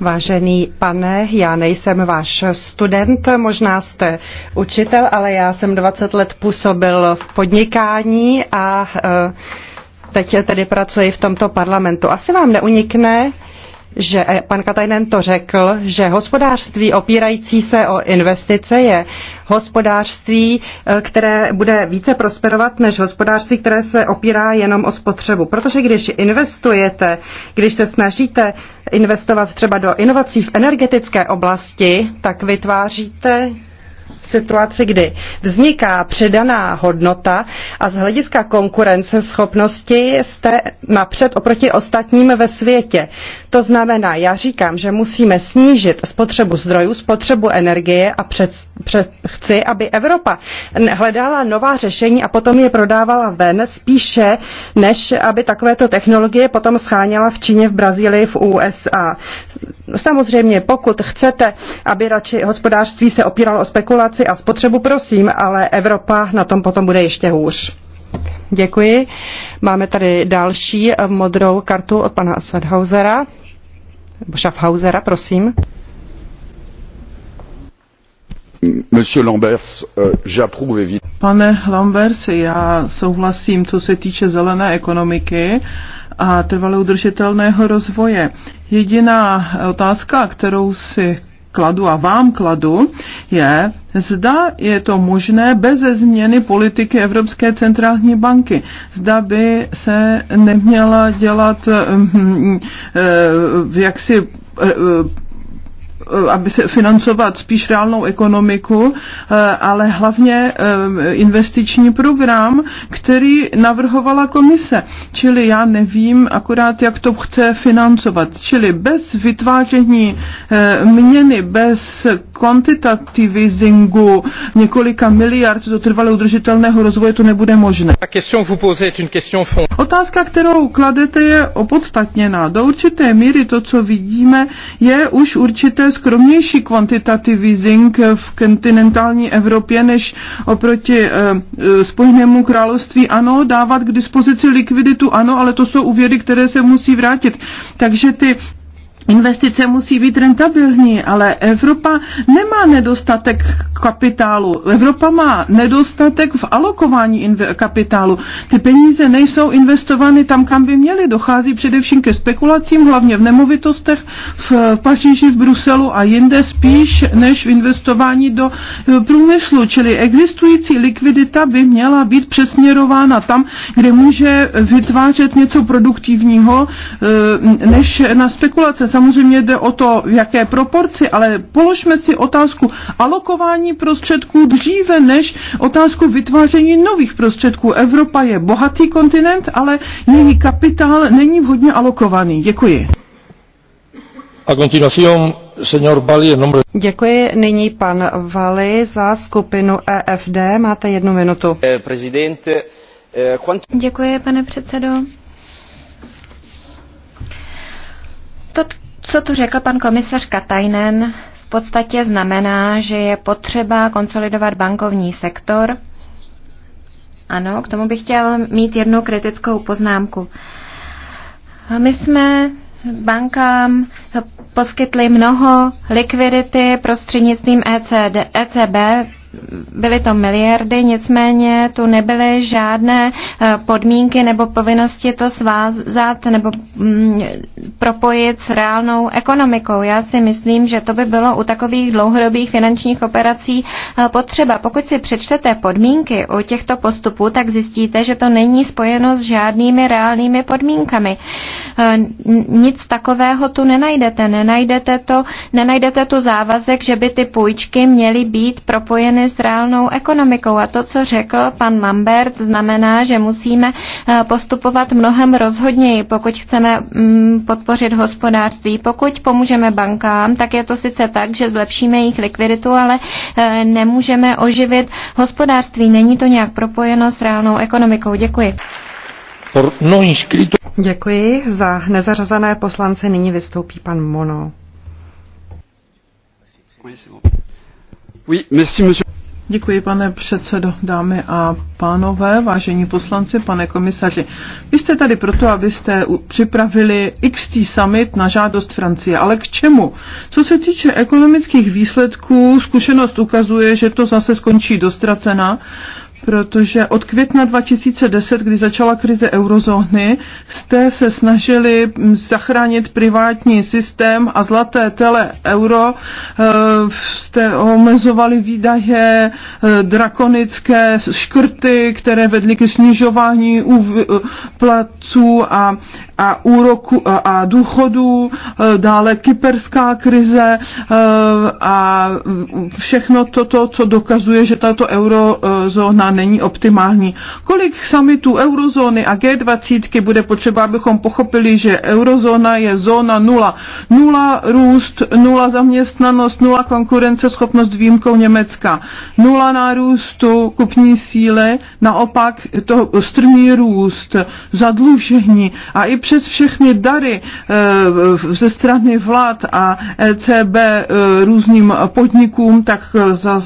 A: Vážený pane, já nejsem váš student, možná jste učitel, ale já jsem 20 let působil v podnikání a eh, teď tedy pracuji v tomto parlamentu. Asi vám neunikne, že eh, pan Katajnen to řekl, že hospodářství opírající se o investice je hospodářství, eh, které bude více prosperovat než hospodářství, které se opírá jenom o spotřebu. Protože když investujete, když se snažíte investovat třeba do inovací v energetické oblasti, tak vytváříte situaci, kdy vzniká předaná hodnota a z hlediska konkurenceschopnosti jste napřed oproti ostatním ve světě. To znamená, já říkám, že musíme snížit spotřebu zdrojů, spotřebu energie a před, před, chci, aby Evropa hledala nová řešení a potom je prodávala ven spíše, než aby takovéto technologie potom scháněla v Číně, v Brazílii, v USA. Samozřejmě, pokud chcete, aby radši hospodářství se opíralo o spekulaci, inflaci a spotřebu, prosím, ale Evropa na tom potom bude ještě hůř. Děkuji. Máme tady další modrou kartu od pana Svedhausera.
B: Schaffhausera, prosím.
A: Monsieur Lambers, euh, j'approuve évidemment.
B: Pane Lambers, já souhlasím, co se týče zelené ekonomiky a trvale udržitelného rozvoje. Jediná otázka, kterou si kladu a vám kladu, je, zda je to možné bez změny politiky Evropské centrální banky. Zda by se neměla dělat hm, hm, eh, jaksi eh, Eh, aby se financovat spíš reálnou ekonomiku, eh, ale hlavně eh, investiční program, který navrhovala komise. Čili já nevím akorát, jak to chce financovat. Čili bez vytváření měny, bez kvantitativizingu několika miliard do trvalého udržitelného rozvoje to nebude možné. Otázka, kterou kladete, je opodstatněná. Do určité míry to, co vidíme, je už určité skromnější kvantitativizing v kontinentální Evropě než oproti eh, Spojenému království. Ano, dávat k dispozici likviditu, ano, ale to jsou úvěry, které se musí vrátit. Takže ty Investice musí být rentabilní, ale Evropa nemá nedostatek kapitálu. Evropa má nedostatek v alokování kapitálu. Ty peníze nejsou investovány tam, kam by měly. Dochází především ke spekulacím, hlavně v nemovitostech v Paříži, v Bruselu a jinde spíš než v investování do e, průmyslu. Čili existující likvidita by měla být přesměrována tam, kde může vytvářet něco produktivního, e, než na spekulace samozřejmě jde o to, v jaké proporci, ale položme si otázku alokování prostředků dříve než otázku vytváření nových prostředků. Evropa je bohatý kontinent, ale její kapitál není vhodně alokovaný. Děkuji. A continuación, señor Bali, en nombre...
A: Děkuji. Nyní pan Vali za skupinu EFD. Máte jednu minutu. Eh, eh,
C: Děkuji, pane předsedo. Co tu řekl pan komisař Katajnen, v podstatě znamená, že je potřeba konsolidovat bankovní sektor. Ano, k tomu bych chtěl mít jednu kritickou poznámku. My jsme bankám poskytli mnoho likvidity prostřednictvím ECD, ECB byly to miliardy, nicméně tu nebyly žádné eh, podmínky nebo povinnosti to svázat nebo mm, propojit s reálnou ekonomikou. Já si myslím, že to by bylo u takových dlouhodobých finančních operací eh, potřeba. Pokud si přečtete podmínky u těchto postupů, tak zjistíte, že to není spojeno s žádnými reálnými podmínkami. Eh, nic takového tu nenajdete. Nenajdete, to, nenajdete tu závazek, že by ty půjčky měly být propojeny s reálnou ekonomikou. A to, co řekl pan Mambert, znamená, že musíme eh, postupovat mnohem rozhodněji, pokud chceme mm, podpořit hospodářství. Pokud pomůžeme bankám, tak je to sice tak, že zlepšíme jejich likviditu, ale eh, nemůžeme oživit hospodářství. Není to nějak propojeno s reálnou ekonomikou. Děkuji.
B: No
A: Děkuji. Za nezařazené poslance nyní
B: vystoupí pan Mono. Děkuji, pane předsedo, dámy a pánové, vážení poslanci, pane komisaři. Vy jste tady proto, abyste připravili XT summit na žádost Francie, ale k čemu? Co se týče ekonomických výsledků, zkušenost ukazuje, že to zase skončí dostracena protože od května 2010, kdy začala krize eurozóny, jste se snažili mm, zachránit privátní systém a zlaté tele euro, eh, jste omezovali výdaje, eh, drakonické škrty, které vedly ke snižování eh, platů a a, úroku, a důchodů, e, dále kyperská krize e, a všechno toto, co dokazuje, že tato eurozóna není optimální. Kolik samitů eurozóny a G20 bude potřeba, abychom pochopili, že eurozóna je zóna nula. Nula růst, nula zaměstnanost, nula konkurenceschopnost výjimkou Německa. Nula nárůstu kupní síly, naopak to strmý růst, zadlužení a i přes všechny dary eh, ze strany vlád a ECB eh, různým podnikům, tak, eh, za,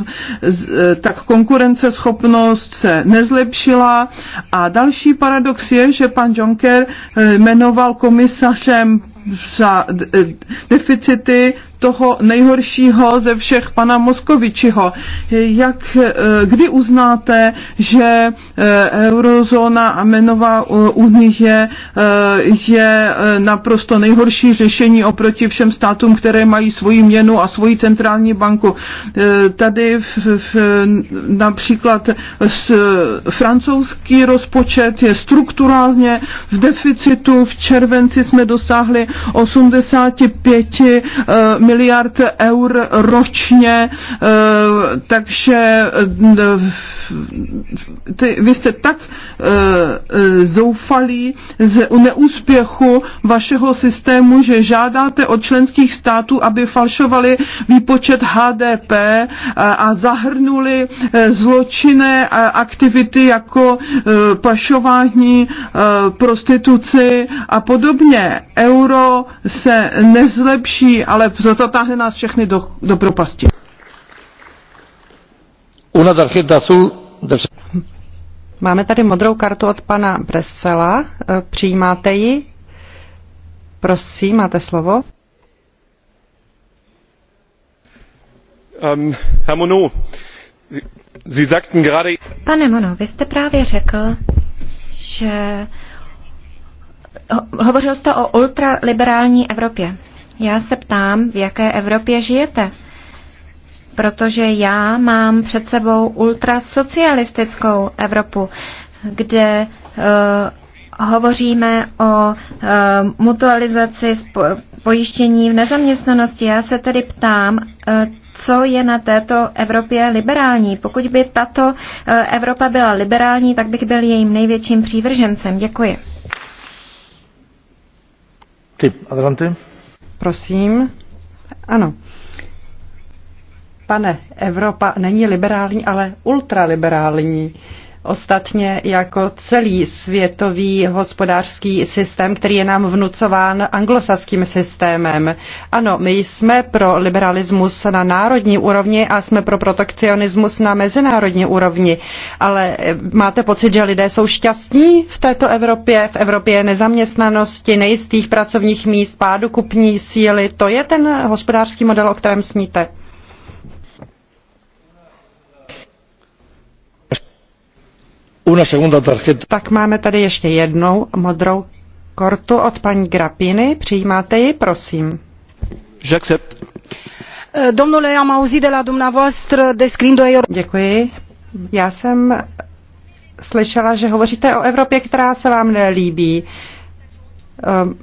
B: tak konkurenceschopnost se nezlepšila. A další paradox je, že pan Juncker jmenoval komisařem za deficity toho nejhoršího ze všech pana Moskovičiho. Jak, eh, kdy uznáte, že eh, eurozóna a menová eh, unie je naprosto nejhorší řešení oproti všem státům, které mají svoji měnu a svoji centrální banku. Tady v, v, například s, francouzský rozpočet je strukturálně v deficitu. V červenci jsme dosáhli 85 miliard eur ročně, eh, takže eh, ty, vy jste tak eh, zoufalí z neúspěchu vašeho systému, že žádáte od členských států, aby falšovali výpočet HDP a zahrnuli zločinné aktivity jako pašování, prostituci a podobně. Euro se nezlepší, ale za zatáhne nás všechny do, do propasti. Una tarjeta azul del...
A: Máme tady modrou kartu od pana Bresela. E, přijímáte ji? Prosím, máte slovo.
B: Um, Herr Mono, Sie, Sie gerade...
C: Pane Mono, vy jste právě řekl, že hovořil jste o ultraliberální Evropě. Já se ptám, v jaké Evropě žijete? Protože já mám před sebou ultrasocialistickou Evropu, kde uh, hovoříme o uh, mutualizaci pojištění v nezaměstnanosti. Já se tedy ptám, uh, co je na této Evropě liberální. Pokud by tato uh, Evropa byla liberální, tak bych byl jejím největším přívržencem. Děkuji.
B: Adelante.
A: Prosím. Ano. Pane, Evropa není liberální, ale ultraliberální. Ostatně jako celý světový hospodářský systém, který je nám vnucován anglosaským systémem. Ano, my jsme pro liberalismus na národní úrovni a jsme pro protekcionismus na mezinárodní úrovni, ale eh, máte pocit, že lidé jsou šťastní v této Evropě, v Evropě nezaměstnanosti, nejistých pracovních míst, pádu kupní síly. To je ten hospodářský model, o kterém sníte.
B: Una segunda tarjeta. Tak
A: máme tady ještě jednou modrou kortu od paní Grapiny. Přijímáte ji, prosím. J'accepte. Eh, domnule, am auzit de la dumneavoastră descriind o Děkuji. Já jsem slyšela, že hovoříte o Evropě, která se vám nelíbí. Um,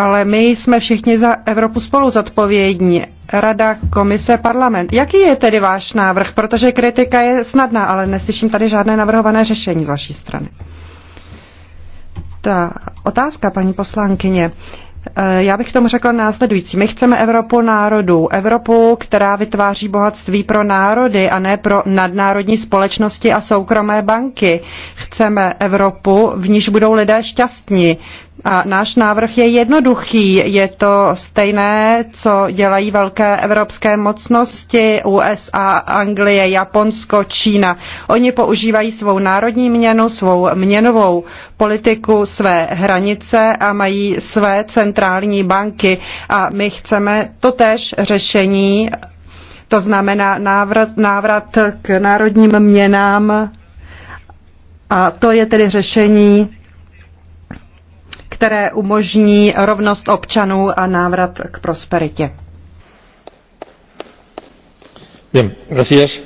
A: ale my jsme všichni za Evropu spolu zodpovědní. Rada, komise, parlament. Jaký je tedy váš návrh? Protože kritika je snadná, ale neslyším tady žádné navrhované řešení z vaší strany. Ta otázka, paní poslankyně. Eh, já bych tomu řekla následující. My chceme Evropu národů. Evropu, která vytváří bohatství pro národy a ne pro nadnárodní společnosti a soukromé banky. Chceme Evropu, v níž budou lidé šťastní. A náš návrh je jednoduchý. Je to stejné, co dělají velké evropské mocnosti USA, Anglie, Japonsko, Čína. Oni používají svou národní měnu, svou měnovou politiku, své hranice a mají své centrální banky. A my chceme totéž řešení, to znamená návrat, návrat k národním měnám. A to je tedy řešení které umožní rovnost občanů a návrat k prosperitě.
B: Bien, gracias.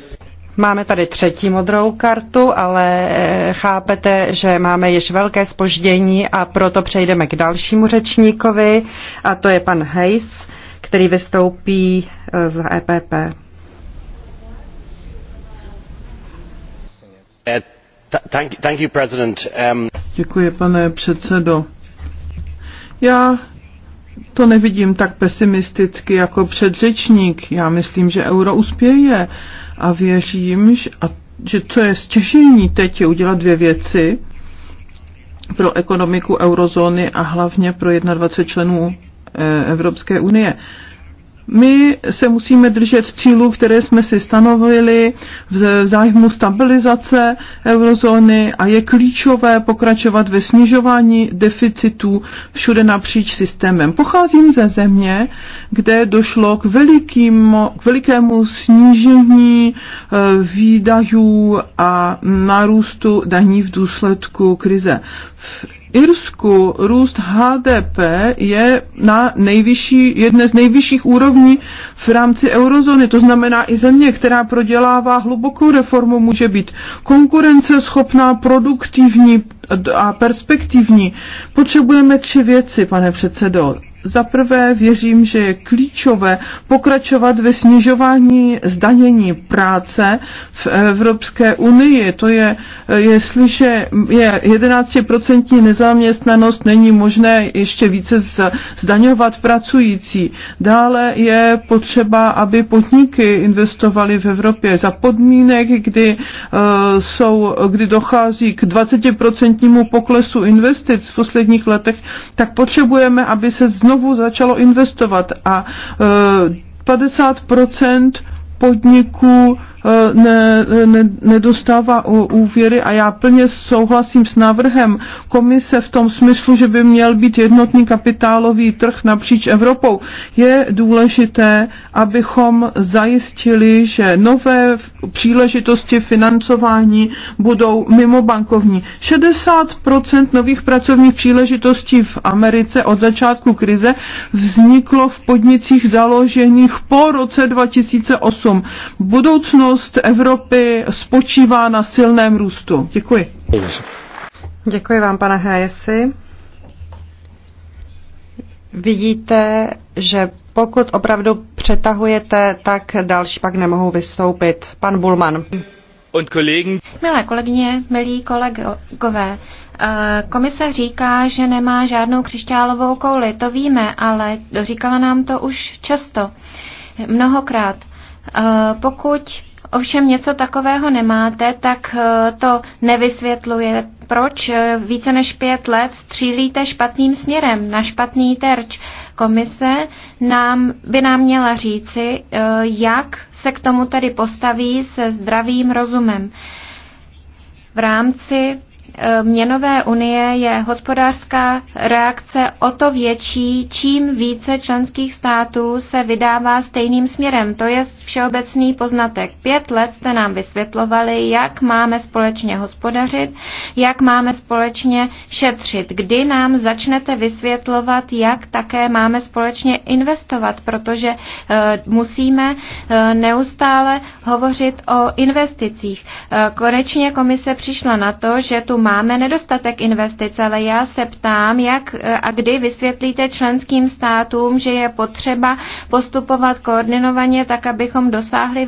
A: Máme tady třetí modrou kartu, ale eh, chápete, že máme již velké spoždění a proto přejdeme k dalšímu řečníkovi a to je pan Hayes, který vystoupí eh, z EPP.
C: Eh, um,
B: Děkuji, pane předsedo. Já to nevidím tak pesimisticky jako předřečník. Já myslím, že euro uspěje a věřím, že, a, že co je stěžení teď je udělat dvě věci pro ekonomiku eurozóny a hlavně pro 21 členů eh, Evropské unie. My se musíme držet cílů, které jsme si stanovili v zájmu stabilizace eurozóny a je klíčové pokračovat ve snižování deficitů všude napříč systémem. Pocházím ze země, kde došlo k, velikým, k velikému snížení eh, výdajů a nárůstu daní v důsledku krize. V Irsku růst HDP je na nejvyšší, jedné z nejvyšších úrovní v rámci eurozóny. To znamená i země, která prodělává hlubokou reformu, může být konkurenceschopná, produktivní a perspektivní. Potřebujeme tři věci, pane předsedo. Za prvé věřím, že je klíčové pokračovat ve snižování zdanění práce v Evropské unii. To je, jestliže je 11% nezaměstnanost, není možné ještě více zdaňovat pracující. Dále je potřeba, aby podniky investovaly v Evropě za podmínek, kdy, eh, jsou, kdy dochází k 20% poklesu investic v posledních letech, tak potřebujeme, aby se znovu znovu začalo investovat a 50 e, podniků Eh, ne, ne, nedostává úvěry a já plně souhlasím s návrhem komise v tom smyslu, že by měl být jednotný kapitálový trh napříč Evropou. Je důležité, abychom zajistili, že nové příležitosti financování budou mimo bankovní. 60% nových pracovních příležitostí v Americe od začátku krize vzniklo v podnicích založených po roce 2008. Budoucnost budoucnost Evropy spočívá na silném růstu. Děkuji. Děkuji
A: vám, pane Hájesi. Vidíte, že pokud opravdu přetahujete, tak další pak nemohou vystoupit. Pan Bulman.
C: Milé kolegyně, milí kolegové, eh, Komise říká, že nemá žádnou křišťálovou kouli, to víme, ale říkala nám to už často, mnohokrát. Eh, pokud ovšem něco takového nemáte, tak eh, to nevysvětluje, proč eh, více než pět let střílíte špatným směrem, na špatný terč. Komise nám, by nám měla říci, eh, jak se k tomu tedy postaví se zdravým rozumem v rámci Eh, měnové unie je hospodářská reakce o to větší, čím více členských států se vydává stejným směrem. To je všeobecný poznatek. Pět let jste nám vysvětlovali, jak máme společně hospodařit, jak máme společně šetřit. Kdy nám začnete vysvětlovat, jak také máme společně investovat, protože eh, musíme eh, neustále hovořit o investicích. konečně komise přišla na to, že tu máme nedostatek investic, ale já se ptám, jak eh, a kdy vysvětlíte členským státům, že je potřeba postupovat koordinovaně tak, abychom dosáhli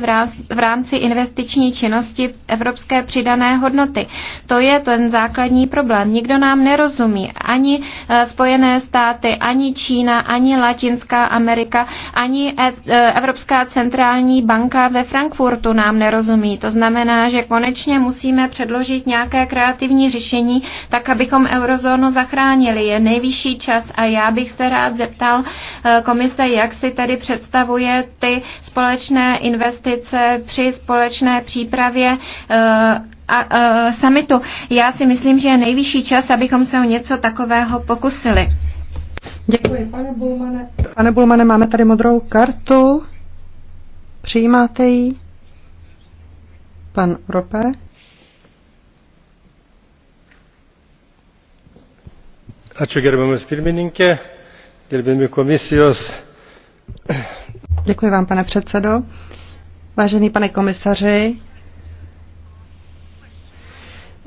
C: v rámci investiční činnosti evropské přidané hodnoty. To je ten základní problém. Nikdo nám nerozumí. Ani eh, Spojené státy, ani Čína, ani Latinská Amerika, ani eh, Evropská centrální banka ve Frankfurtu nám nerozumí. To znamená, že konečně musíme předložit nějaké kreativní řešení, tak abychom eurozónu zachránili. Je nejvyšší čas a já bych se rád zeptal eh, komise, jak si tedy představuje ty společné investice při společné přípravě eh, a, a, eh, samitu. Já si myslím, že je nejvyšší čas, abychom se o něco takového pokusili.
A: Děkuji, pane Bulmane. Pane Bulmane, máme tady modrou kartu. Přijímáte ji? Pan Rope. Děkuji vám, pane předsedo. Vážený pane komisaři,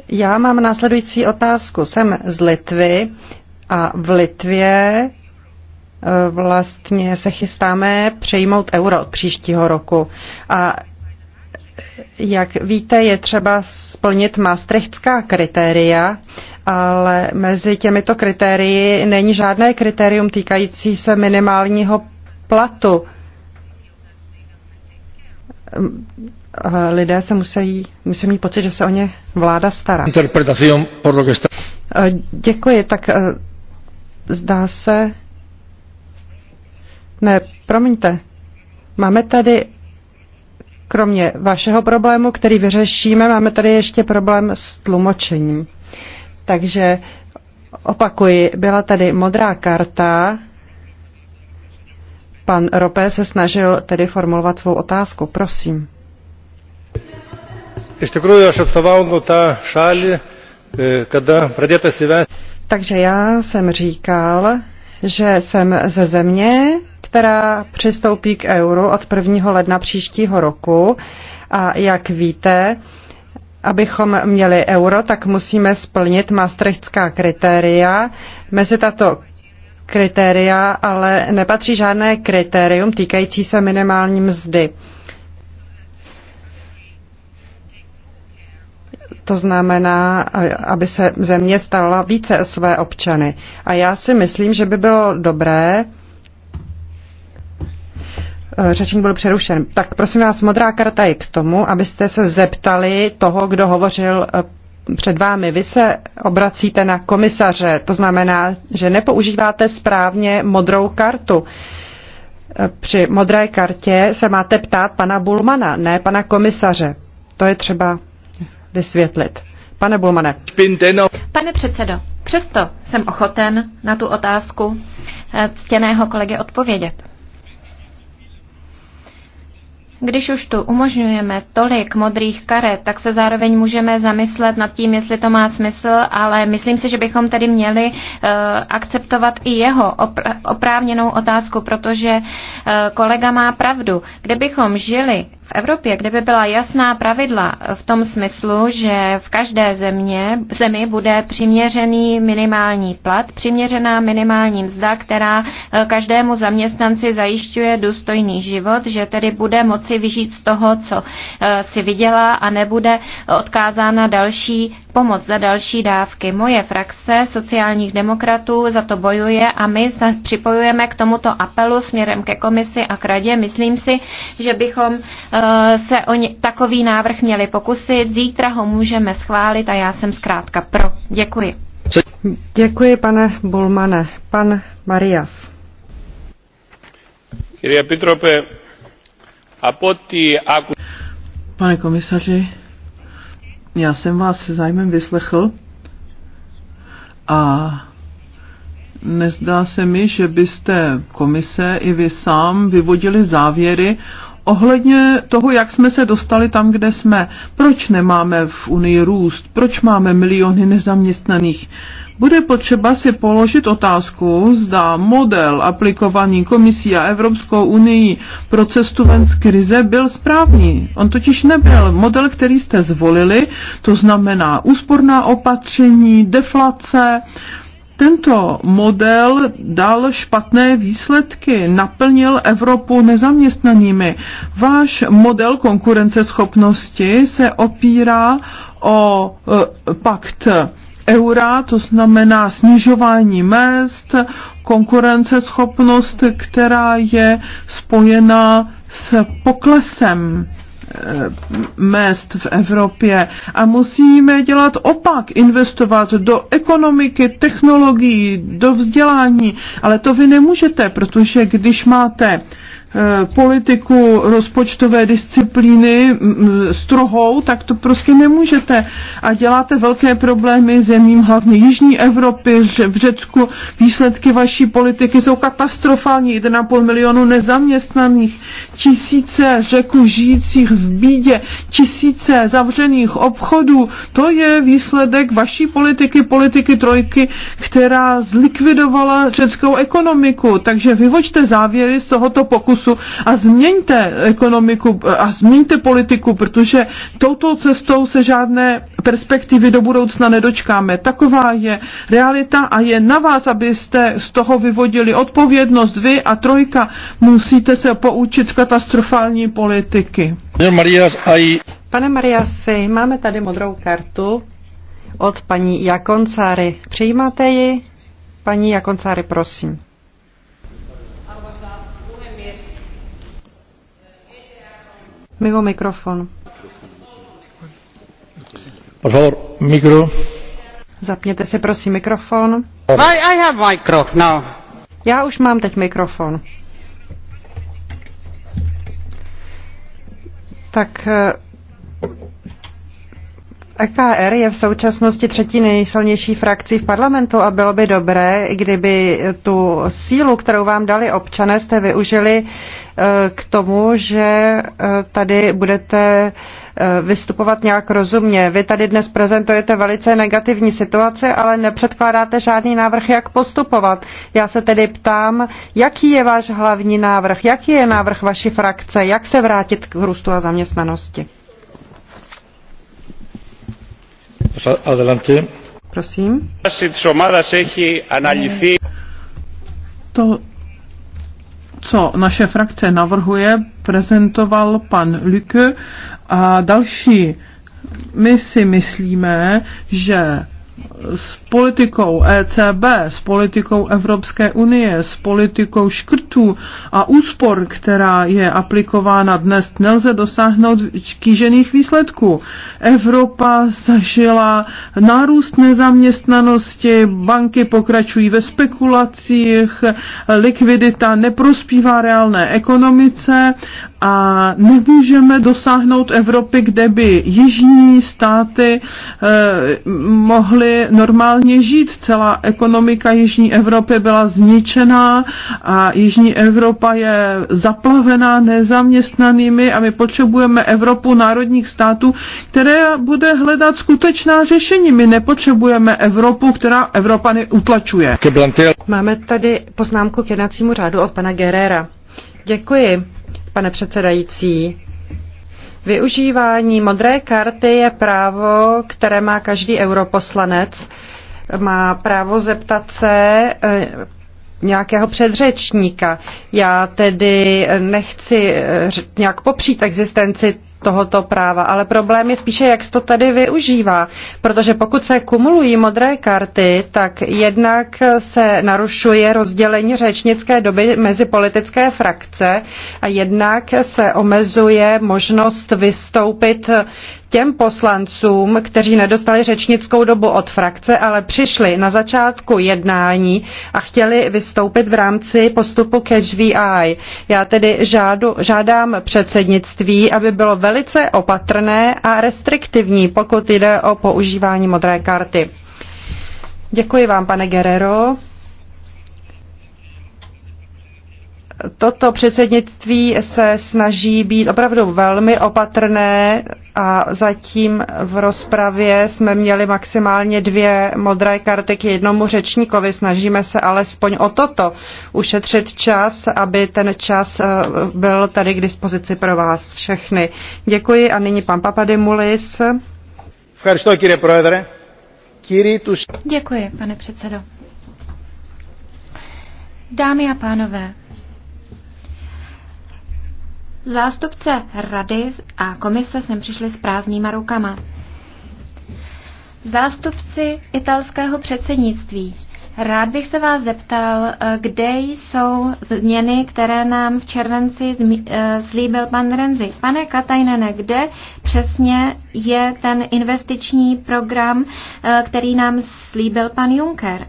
A: já mám následující otázku. Jsem z Litvy a v Litvě e, vlastně se chystáme přijmout euro od příštího roku. A jak víte, je třeba splnit maastrichtská kritéria ale mezi těmito kritérii není žádné kritérium týkající se minimálního platu. Lidé se musí, musí mít pocit, že se o ně vláda stará. Eh, děkuji, tak eh, zdá se... Ne, promiňte. Máme tady kromě vašeho problému, který vyřešíme, máme tady ještě problém s tlumočením. Takže opakuji, byla tady modrá karta. Pan Rope se snažil tedy formulovat svou otázku. Prosím. E, Takže já jsem říkal, že jsem ze země, která přistoupí k euru od 1. ledna příštího roku. A jak víte, Abychom měli euro, tak musíme splnit maastrichtská kritéria. Mezi tato kritéria ale nepatří žádné kritérium týkající se minimální mzdy. To znamená, aby se země stala více své občany. A já si myslím, že by bylo dobré, Eh, řečník byl přerušen. Tak prosím vás, modrá karta je k tomu, abyste se zeptali toho, kdo hovořil eh, před vámi. Vy se obracíte na komisaře, to znamená, že nepoužíváte správně modrou kartu. Eh, při modré kartě se máte ptát pana Bulmana, ne pana komisaře. To je třeba vysvětlit. Pane Bulmane.
C: Pane předsedo, přesto jsem ochoten na tu otázku ctěného kolegy odpovědět. Když už tu umožňujeme tolik modrých karet, tak se zároveň můžeme zamyslet nad tím, jestli to má smysl, ale myslím si, že bychom tedy měli eh, akceptovat i jeho oprávněnou otázku, protože eh, kolega má pravdu. Kdybychom žili v Evropě, kde by byla jasná pravidla v tom smyslu, že v každé země, zemi bude přiměřený minimální plat, přiměřená minimální mzda, která eh, každému zaměstnanci zajišťuje důstojný život, že tedy bude moci vyžít z toho, co eh, si vydělá a nebude eh, odkázána další pomoc za další dávky. Moje frakce sociálních demokratů za to bojuje a my se připojujeme k tomuto apelu směrem ke komisi a k radě. Myslím si, že bychom eh, se o ně, takový návrh měli pokusit. Zítra ho můžeme schválit a já jsem zkrátka pro. Děkuji.
A: Děkuji, pane Bulmane. Pan Marias.
B: Pane komisaři, já jsem vás se zájmem vyslechl a nezdá se mi, že byste komise i vy sám vyvodili závěry ohledně toho, jak jsme se dostali tam, kde jsme. Proč nemáme v Unii růst? Proč máme miliony nezaměstnaných? bude potřeba si položit otázku, zda model aplikovaný komisí a Evropskou unii pro cestu ven z krize byl správný. On totiž nebyl. Model, který jste zvolili, to znamená úsporná opatření, deflace, tento model dal špatné výsledky, naplnil Evropu nezaměstnanými. Váš model konkurenceschopnosti se opírá o e, pakt eura, to znamená snižování mest, konkurenceschopnost, která je spojená s poklesem eh, mest v Evropě a musíme dělat opak, investovat do ekonomiky, technologií, do vzdělání, ale to vy nemůžete, protože když máte Eh, politiku rozpočtové disciplíny mm, strohou, tak to prostě nemůžete. A děláte velké problémy zemím, hlavně Jižní Evropy, že v Řecku. Výsledky vaší politiky jsou katastrofální. 1,5 milionu nezaměstnaných, tisíce řeků žijících v bídě, tisíce zavřených obchodů. To je výsledek vaší politiky, politiky trojky, která zlikvidovala řeckou ekonomiku. Takže vyvočte závěry z tohoto pokusu Mauritiusu a změňte ekonomiku a změňte politiku, protože touto cestou se žádné perspektivy do budoucna nedočkáme. Taková je realita a je na vás, abyste z toho vyvodili odpovědnost. Vy a Trojka musíte se poučit z katastrofální politiky.
A: Pane Mariasi, máme tady modrou kartu od paní Jakoncáry. Přijímáte ji? Paní Jakoncáry, prosím. Mimo mikrofon. Por favor, mikro. Zapněte si prosím mikrofon. I, I have micro now. Já už mám teď mikrofon. Tak eh, EKR je v současnosti třetí nejsilnější frakcí v parlamentu a bylo by dobré, kdyby tu sílu, kterou vám dali občané, jste využili eh, k tomu, že eh, tady budete eh, vystupovat nějak rozumně. Vy tady dnes prezentujete velice negativní situaci, ale nepředkládáte žádný návrh, jak postupovat. Já se tedy ptám, jaký je váš hlavní návrh, jaký je návrh vaší frakce, jak se vrátit k růstu a zaměstnanosti.
B: Prosím. To, co naše frakce navrhuje, prezentoval pan Luke a další. My si myslíme, že s politikou ECB, s politikou Evropské unie, s politikou škrtů a úspor, která je aplikována dnes, nelze dosáhnout kýžených výsledků. Evropa zažila nárůst nezaměstnanosti, banky pokračují ve spekulacích, likvidita neprospívá reálné ekonomice a nemůžeme dosáhnout Evropy, kde by jižní státy eh, mohly normálně žít. Celá ekonomika Jižní Evropy byla zničená a Jižní Evropa je zaplavená nezaměstnanými a my potřebujeme Evropu národních států, které bude hledat skutečná řešení. My nepotřebujeme Evropu, která Evropany utlačuje.
A: Máme tady poznámku k jednacímu řádu od pana Gerera. Děkuji, pane předsedající. Využívání modré karty je právo, které má každý europoslanec. Má právo zeptat se eh, nějakého předřečníka. Já tedy nechci eh, nějak popřít existenci tohoto práva, ale problém je spíše, jak se to tady využívá. Protože pokud se kumulují modré karty, tak jednak se narušuje rozdělení řečnické doby mezi politické frakce a jednak se omezuje možnost vystoupit těm poslancům, kteří nedostali řečnickou dobu od frakce, ale přišli na začátku jednání a chtěli vystoupit v rámci postupu Catch the Eye. Já tedy žádu, žádám předsednictví, aby bylo velmi velice opatrné a restriktivní, pokud jde o používání modré karty. Děkuji vám, pane Guerrero. Toto předsednictví se snaží být opravdu velmi opatrné a zatím v rozpravě jsme měli maximálně dvě modré karty k jednomu řečníkovi. Snažíme se alespoň o toto ušetřit čas, aby ten čas eh, byl tady k dispozici pro vás všechny. Děkuji a nyní pan Papadimulis.
C: Děkuji, pane předsedo. Dámy a pánové, Zástupce rady a komise sem přišli s prázdnýma rukama. Zástupci italského předsednictví. Rád bych se vás zeptal, eh, kde jsou změny, které nám v červenci eh, slíbil pan Renzi. Pane Katajnene, kde přesně je ten investiční program, eh, který nám slíbil pan Juncker?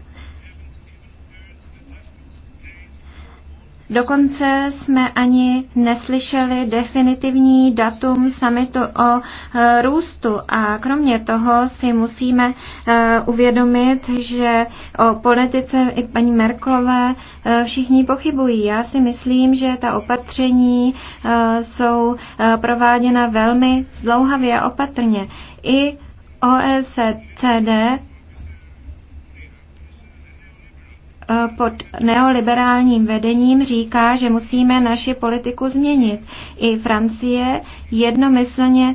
C: Dokonce jsme ani neslyšeli definitivní datum samitu o eh, růstu a kromě toho si musíme eh, uvědomit, že o politice i paní Merklové eh, všichni pochybují. Já si myslím, že ta opatření jsou prováděna velmi zdlouhavě a opatrně. I OECD Eh, pod neoliberálním vedením říká, že musíme naši politiku změnit. I Francie jednomyslně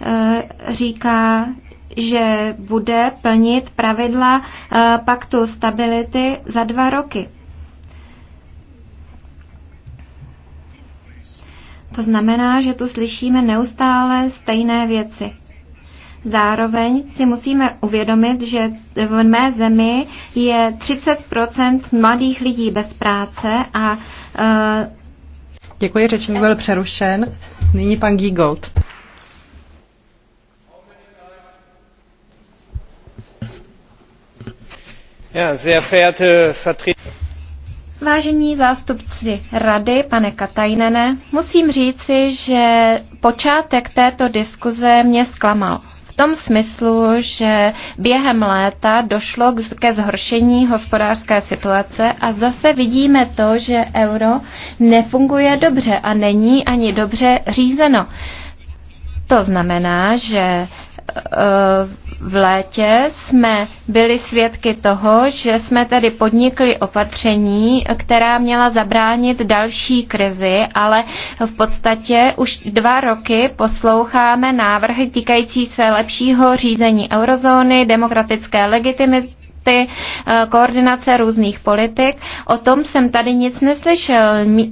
C: eh, říká, že bude plnit pravidla eh, paktu stability za dva roky. To znamená, že tu slyšíme neustále stejné věci. Zároveň si musíme uvědomit, že v mé zemi je 30 mladých lidí bez práce a. Uh, Děkuji, řečník byl přerušen. Nyní pan Giegold. Vážení zástupci rady, pane Katajnene, musím říci, že počátek této diskuze mě zklamal tom smyslu, že během léta došlo ke zhoršení hospodářské situace a zase vidíme to, že euro nefunguje dobře a není ani dobře řízeno. To znamená, že v létě jsme byli svědky toho, že jsme tedy podnikli opatření, která měla zabránit další krizi, ale v podstatě už dva roky posloucháme návrhy týkající se lepšího řízení eurozóny, demokratické legitimity cesty eh, koordinace různých politik. O tom jsem tady nic neslyšel.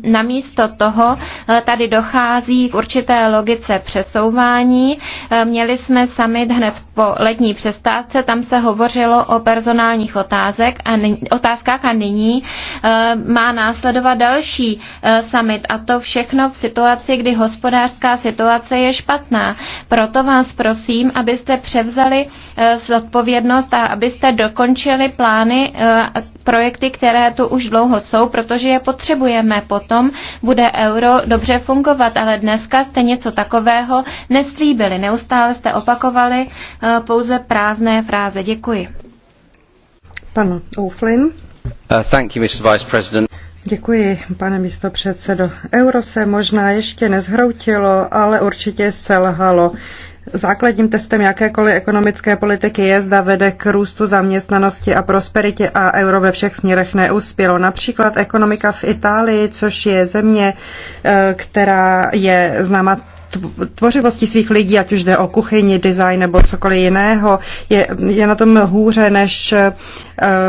C: Namísto toho eh, tady dochází k určité logice přesouvání. Eh, měli jsme summit hned po letní přestávce, tam se hovořilo o personálních otázek a nyní, otázkách a nyní má následovat další summit a to všechno v situaci, kdy hospodářská situace je špatná. Proto vás prosím, abyste převzali zodpovědnost a abyste dokončili zrušili plány, eh, projekty, které tu už dlouho jsou, protože je potřebujeme. Potom bude euro dobře fungovat, ale dneska jste něco takového neslíbili. Neustále jste opakovali eh, pouze prázdné fráze. Děkuji.
A: Pan O'Flynn. Uh, thank you, Mr. Vice President. Děkuji, pane místo předsedo. Euro se možná ještě nezhroutilo, ale určitě selhalo. Základním testem jakékoliv ekonomické politiky je, zda vede k růstu zaměstnanosti a prosperitě a euro ve všech směrech neuspělo. Například ekonomika v Itálii, což je země, eh, která je známa tvořivosti svých lidí, ať už jde o kuchyni, design nebo cokoliv jiného, je, je na tom hůře než eh,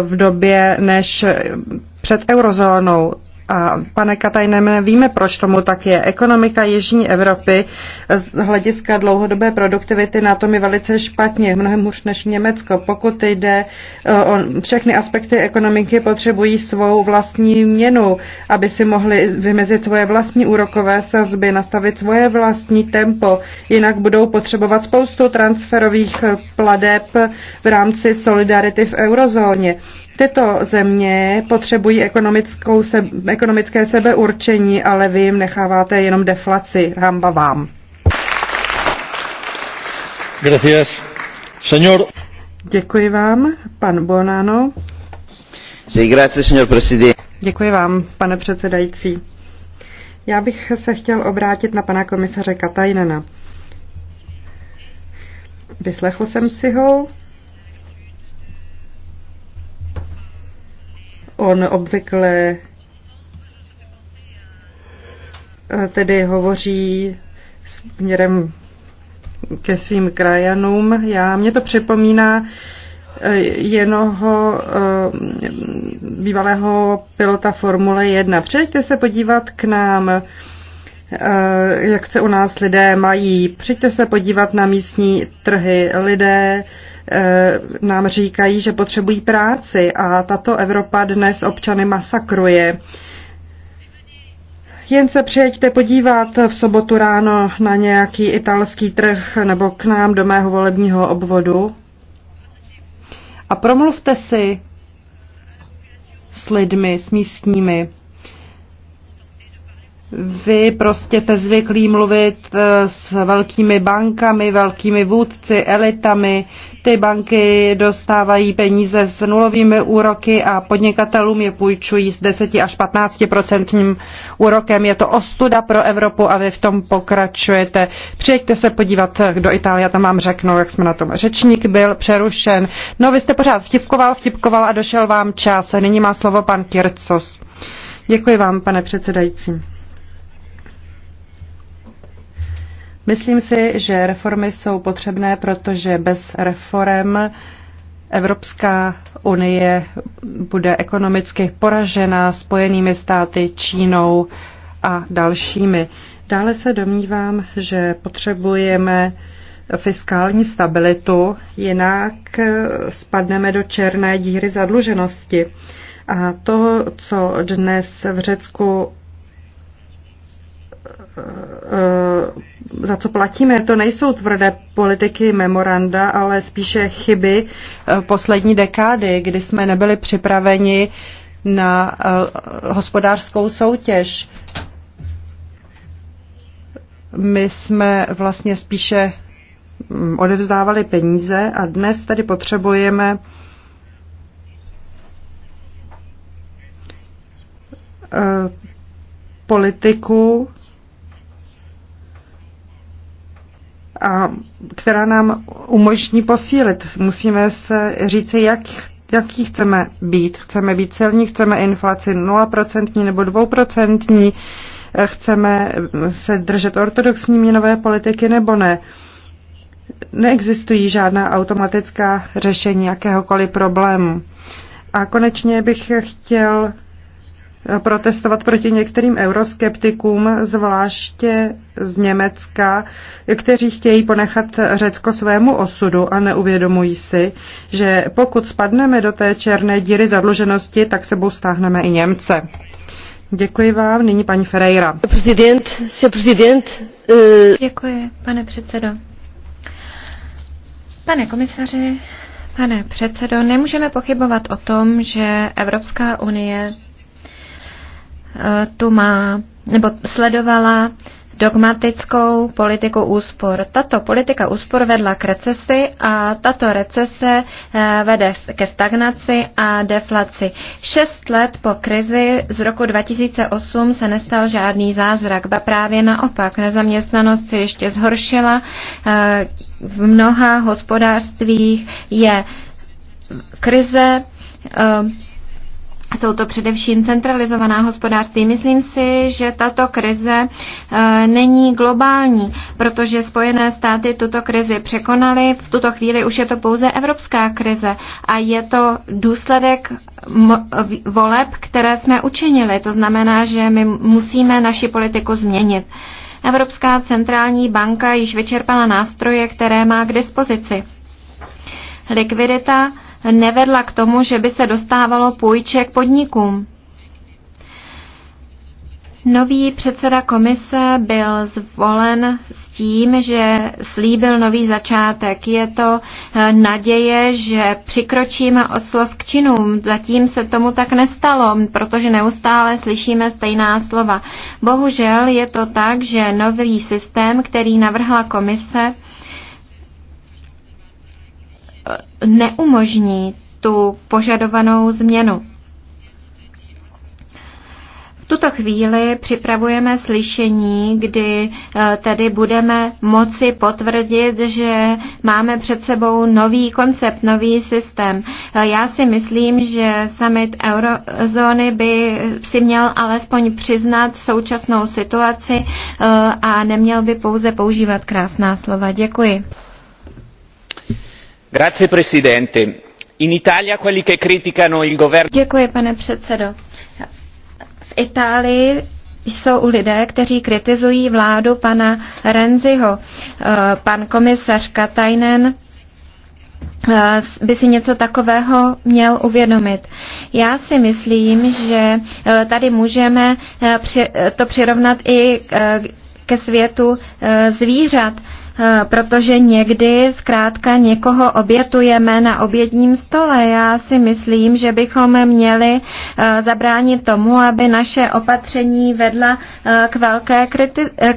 A: v době, než před eurozónou pane Katajne, víme, proč tomu tak je. Ekonomika Jižní Evropy z hlediska dlouhodobé produktivity na tom je velice špatně, mnohem hůř než Německo. Pokud jde e, o všechny aspekty ekonomiky, potřebují svou vlastní měnu, aby si mohli vymezit svoje vlastní úrokové sazby, nastavit svoje vlastní tempo. Jinak budou potřebovat spoustu transferových e, pladeb v rámci solidarity v eurozóně. Tyto země potřebují ekonomickou se, ekonomické sebeurčení, ale vy jim necháváte jenom deflaci. Hamba vám. Gracias. Señor. Děkuji vám, pan Bonano.
B: Sí, gracias, señor
A: Děkuji vám, pane předsedající. Já bych se chtěl obrátit na pana komisaře Katajnena. Vyslechl jsem si ho, On obvykle eh, tedy hovoří směrem ke svým krajanům. Já, mě to připomíná eh, jenoho eh, bývalého pilota Formule 1. Přijďte se podívat k nám, jak se u nás lidé mají. Přijďte se podívat na místní trhy. Lidé Eh, nám říkají, že potřebují práci a tato Evropa dnes občany masakruje. Jen se přijeďte podívat v sobotu ráno na nějaký italský trh nebo k nám do mého volebního obvodu a promluvte si s lidmi, s místními. Vy prostě jste zvyklí mluvit eh, s velkými bankami, velkými vůdci, elitami. Ty banky dostávají peníze s nulovými úroky a podnikatelům je půjčují s 10 až 15 procentním úrokem. Je to ostuda pro Evropu a vy v tom pokračujete. Přijďte se podívat eh, do Itálie, tam vám řeknou, jak jsme na tom. Řečník byl přerušen. No vy jste pořád vtipkoval, vtipkoval a došel vám čas. Nyní má slovo pan Kircos. Děkuji vám, pane předsedající. Myslím si, že reformy jsou potřebné, protože bez reform Evropská unie bude ekonomicky poražena spojenými státy, Čínou a dalšími. Dále se domnívám, že potřebujeme fiskální stabilitu, jinak spadneme do černé díry zadluženosti. A to, co dnes v Řecku za co platíme, to nejsou tvrdé politiky memoranda, ale spíše chyby eh, poslední dekády, kdy jsme nebyli připraveni na eh, hospodářskou soutěž. My jsme vlastně spíše mm, odevzdávali peníze a dnes tady potřebujeme eh, politiku, a která nám umožní posílit. Musíme se říci, jak jaký chceme být. Chceme být celní, chceme inflaci 0% nebo 2%, chceme se držet ortodoxní měnové politiky nebo ne. Neexistují žádná automatická řešení jakéhokoliv problému. A konečně bych chtěl protestovat proti některým euroskeptikům, zvláště z Německa, kteří chtějí ponechat Řecko svému osudu a neuvědomují si, že pokud spadneme do té černé díry zadluženosti, tak sebou stáhneme i Němce. Děkuji vám. Nyní paní Ferreira.
C: Prezident, prezident. Eh, Děkuji, pane předsedo. Pane komisaři, pane předsedo, nemůžeme pochybovat o tom, že Evropská unie Eh, tu má, nebo sledovala dogmatickou politiku úspor. Tato politika úspor vedla k recesi a tato recese eh, vede ke stagnaci a deflaci. Šest let po krizi z roku 2008 se nestal žádný zázrak, ba právě naopak nezaměstnanost se ještě zhoršila. Eh, v mnoha hospodářstvích je krize jsou to především centralizovaná hospodářství. Myslím si, že tato krize eh, není globální, protože Spojené státy tuto krizi překonaly. V tuto chvíli už je to pouze evropská krize a je to důsledek voleb, které jsme učinili. To znamená, že my musíme naši politiku změnit. Evropská centrální banka již vyčerpala nástroje, které má k dispozici. Likvidita nevedla k tomu, že by se dostávalo půjček podnikům. Nový předseda komise byl zvolen s tím, že slíbil nový začátek. Je to eh, naděje, že přikročíme od slov k činům. Zatím se tomu tak nestalo, protože neustále slyšíme stejná slova. Bohužel je to tak, že nový systém, který navrhla komise, neumožní tu požadovanou změnu. V tuto chvíli připravujeme slyšení, kdy eh, tedy budeme moci potvrdit, že máme před sebou nový koncept, nový systém. Eh, já si myslím, že summit eurozóny by si měl alespoň přiznat současnou situaci eh, a neměl by pouze používat krásná slova. Děkuji. Děkuji, pane předsedo. V Itálii jsou lidé, kteří kritizují vládu pana Renziho. Eh, pan komisař Katajnen eh, by si něco takového měl uvědomit. Já si myslím, že eh, tady můžeme to přirovnat i ke světu zvířat. Eh, protože někdy zkrátka někoho obětujeme na obědním stole. Já si myslím, že bychom měli eh, zabránit tomu, aby naše opatření vedla eh, k velké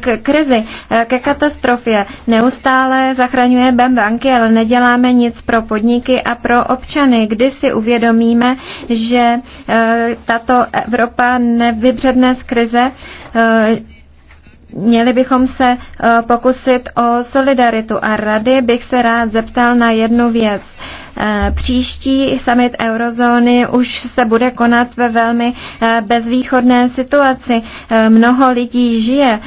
C: k krizi, ke katastrofě. Neustále zachraňujeme banky, ale neděláme nic pro podniky a pro občany. Kdy si uvědomíme, že tato Evropa nevybředne z krize, Měli bychom se eh, pokusit o solidaritu a rady bych se rád zeptal na jednu věc. Eh, příští summit eurozóny už se bude konat ve velmi eh, bezvýchodné situaci. Mnoho lidí žije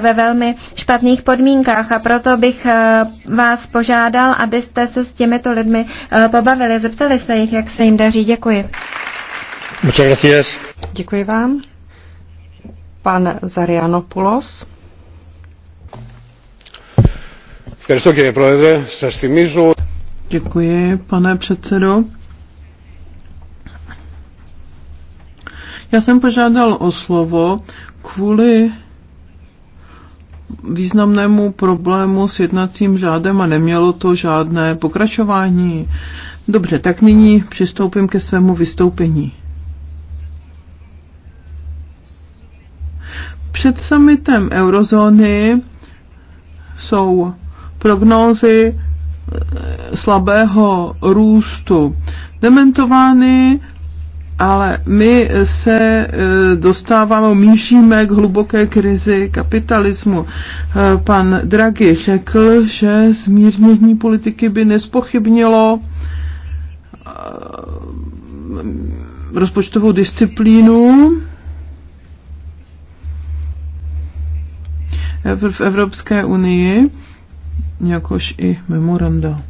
C: ve velmi špatných podmínkách a proto bych vás požádal, abyste se s těmito lidmi pobavili. Zeptali se jich, jak se jim daří. Děkuji. Děkuji vám
A: pan Zarianopoulos.
B: Děkuji, pane předsedo. Já jsem požádal o slovo kvůli významnému problému s jednacím řádem a nemělo to žádné pokračování. Dobře, tak nyní přistoupím ke svému vystoupení. Před summitem eurozóny jsou prognózy eh, slabého růstu dementovány, ale my se eh, dostáváme, míříme k hluboké krizi kapitalismu. Eh, pan Draghi řekl, že zmírnění politiky by nespochybnilo rozpočtovou disciplínu v Evropské unii, jakož i memoranda.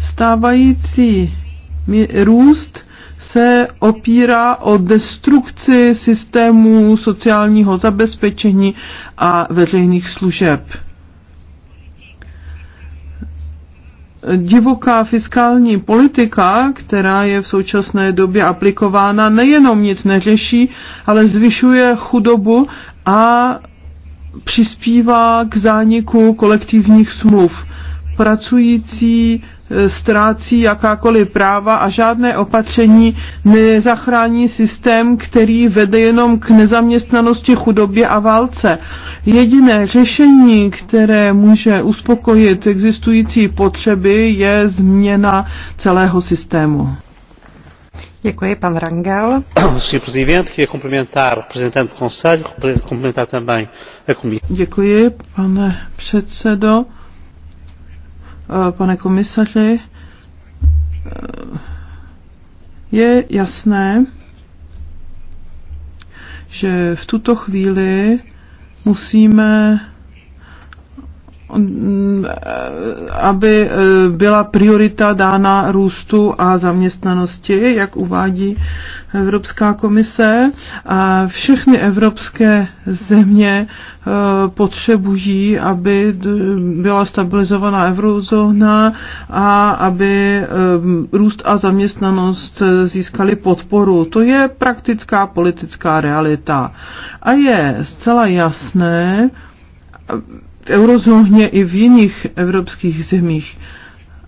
B: Stávající růst se opírá o destrukci systémů sociálního zabezpečení a veřejných služeb divoká fiskální politika, která je v současné době aplikována, nejenom nic neřeší, ale zvyšuje chudobu a přispívá k zániku kolektivních smluv. Pracující ztrácí jakákoliv práva a žádné opatření nezachrání systém, který vede jenom k nezaměstnanosti, chudobě a válce. Jediné řešení, které může uspokojit existující potřeby, je změna celého systému. Děkuji, pan Rangel. Děkuji, pane předsedo. Eh, pane komisaři, eh, je jasné, že v tuto chvíli musíme aby eh, byla priorita dána růstu a zaměstnanosti, jak uvádí Evropská komise. A všechny evropské země eh, potřebují, aby byla stabilizovaná eurozóna a aby eh, růst a zaměstnanost získali podporu. To je praktická politická realita. A je zcela jasné, v eurozóně i v jiných evropských zemích.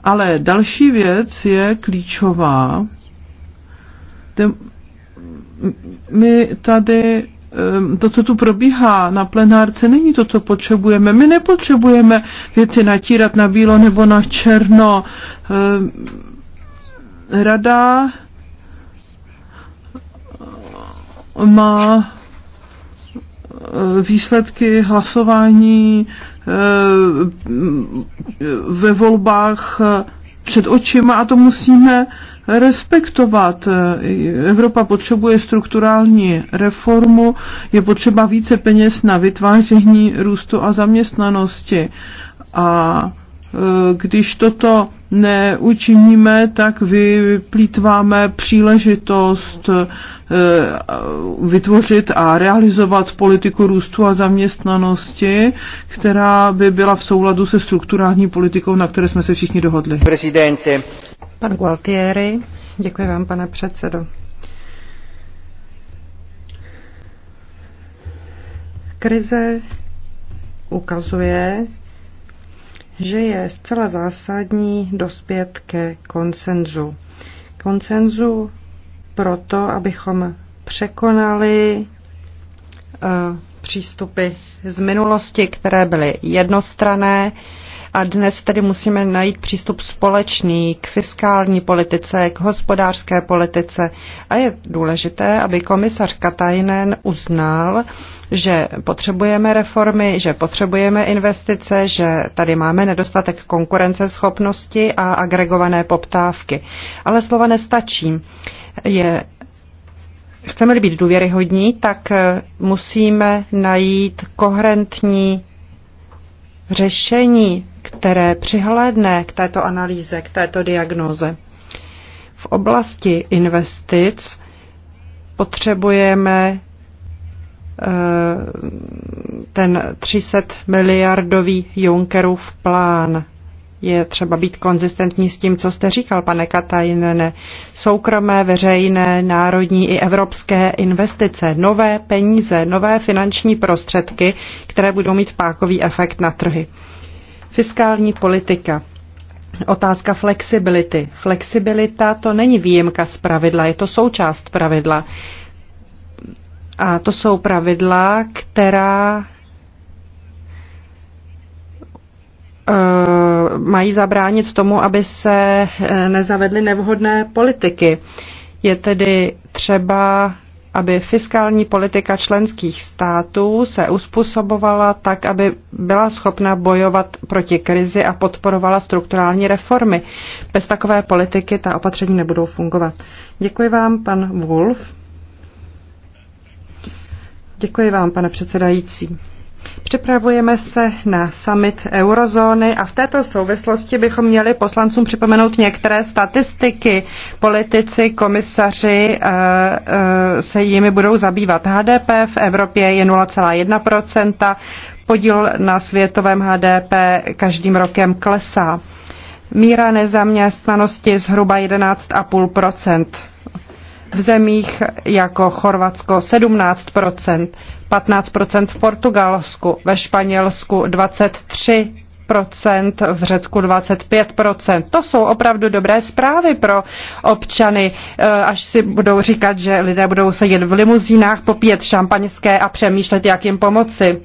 B: Ale další věc je klíčová. My tady to, co tu probíhá na plenárce, není to, co potřebujeme. My nepotřebujeme věci natírat na bílo nebo na černo. Rada má Eh, výsledky hlasování eh, ve volbách eh, před očima a to musíme respektovat. Evropa potřebuje strukturální reformu, je potřeba více peněz na vytváření růstu a zaměstnanosti. A když toto neučiníme, tak vyplýtváme příležitost eh, vytvořit a realizovat politiku růstu a zaměstnanosti, která by byla v souladu se strukturální politikou, na které jsme se všichni dohodli. Prezidente.
A: Pan Gualtieri, děkuji vám, pane předsedo. Krize ukazuje, že je zcela zásadní dospět ke konsenzu. Konsenzu proto, abychom překonali eh, přístupy z minulosti, které byly jednostrané, a dnes tedy musíme najít přístup společný k fiskální politice, k hospodářské politice a je důležité, aby komisař Katajnen uznal, že potřebujeme reformy, že potřebujeme investice, že tady máme nedostatek konkurenceschopnosti a agregované poptávky. Ale slova nestačí. Je chceme-li být důvěryhodní, tak eh, musíme najít koherentní řešení které přihlédne k této analýze, k této diagnoze. V oblasti investic potřebujeme eh, ten 300 miliardový Junckerův plán. Je třeba být konzistentní s tím, co jste říkal, pane Katajnene. Soukromé, veřejné, národní i evropské investice, nové peníze, nové finanční prostředky, které budou mít pákový efekt na trhy. Fiskální politika. Otázka flexibility. Flexibilita to není výjimka z pravidla, je to součást pravidla. A to jsou pravidla, která eh, mají zabránit tomu, aby se eh, nezavedly nevhodné politiky. Je tedy třeba aby fiskální politika členských států se uspůsobovala tak, aby byla schopna bojovat proti krizi a podporovala strukturální reformy. Bez takové politiky ta opatření nebudou fungovat. Děkuji vám, pan Wolf. Děkuji vám, pane předsedající. Připravujeme se na summit eurozóny a v této souvislosti bychom měli poslancům připomenout některé statistiky. Politici, komisaři eh, eh, se jimi budou zabývat. HDP v Evropě je 0,1%, podíl na světovém HDP každým rokem klesá. Míra nezaměstnanosti zhruba 11,5% v zemích jako Chorvatsko 17 15 v Portugalsku, ve Španělsku 23 v Řecku 25 To jsou opravdu dobré zprávy pro občany, eh, až si budou říkat, že lidé budou sedět v limuzínách, popíjet šampaňské a přemýšlet, jak jim pomoci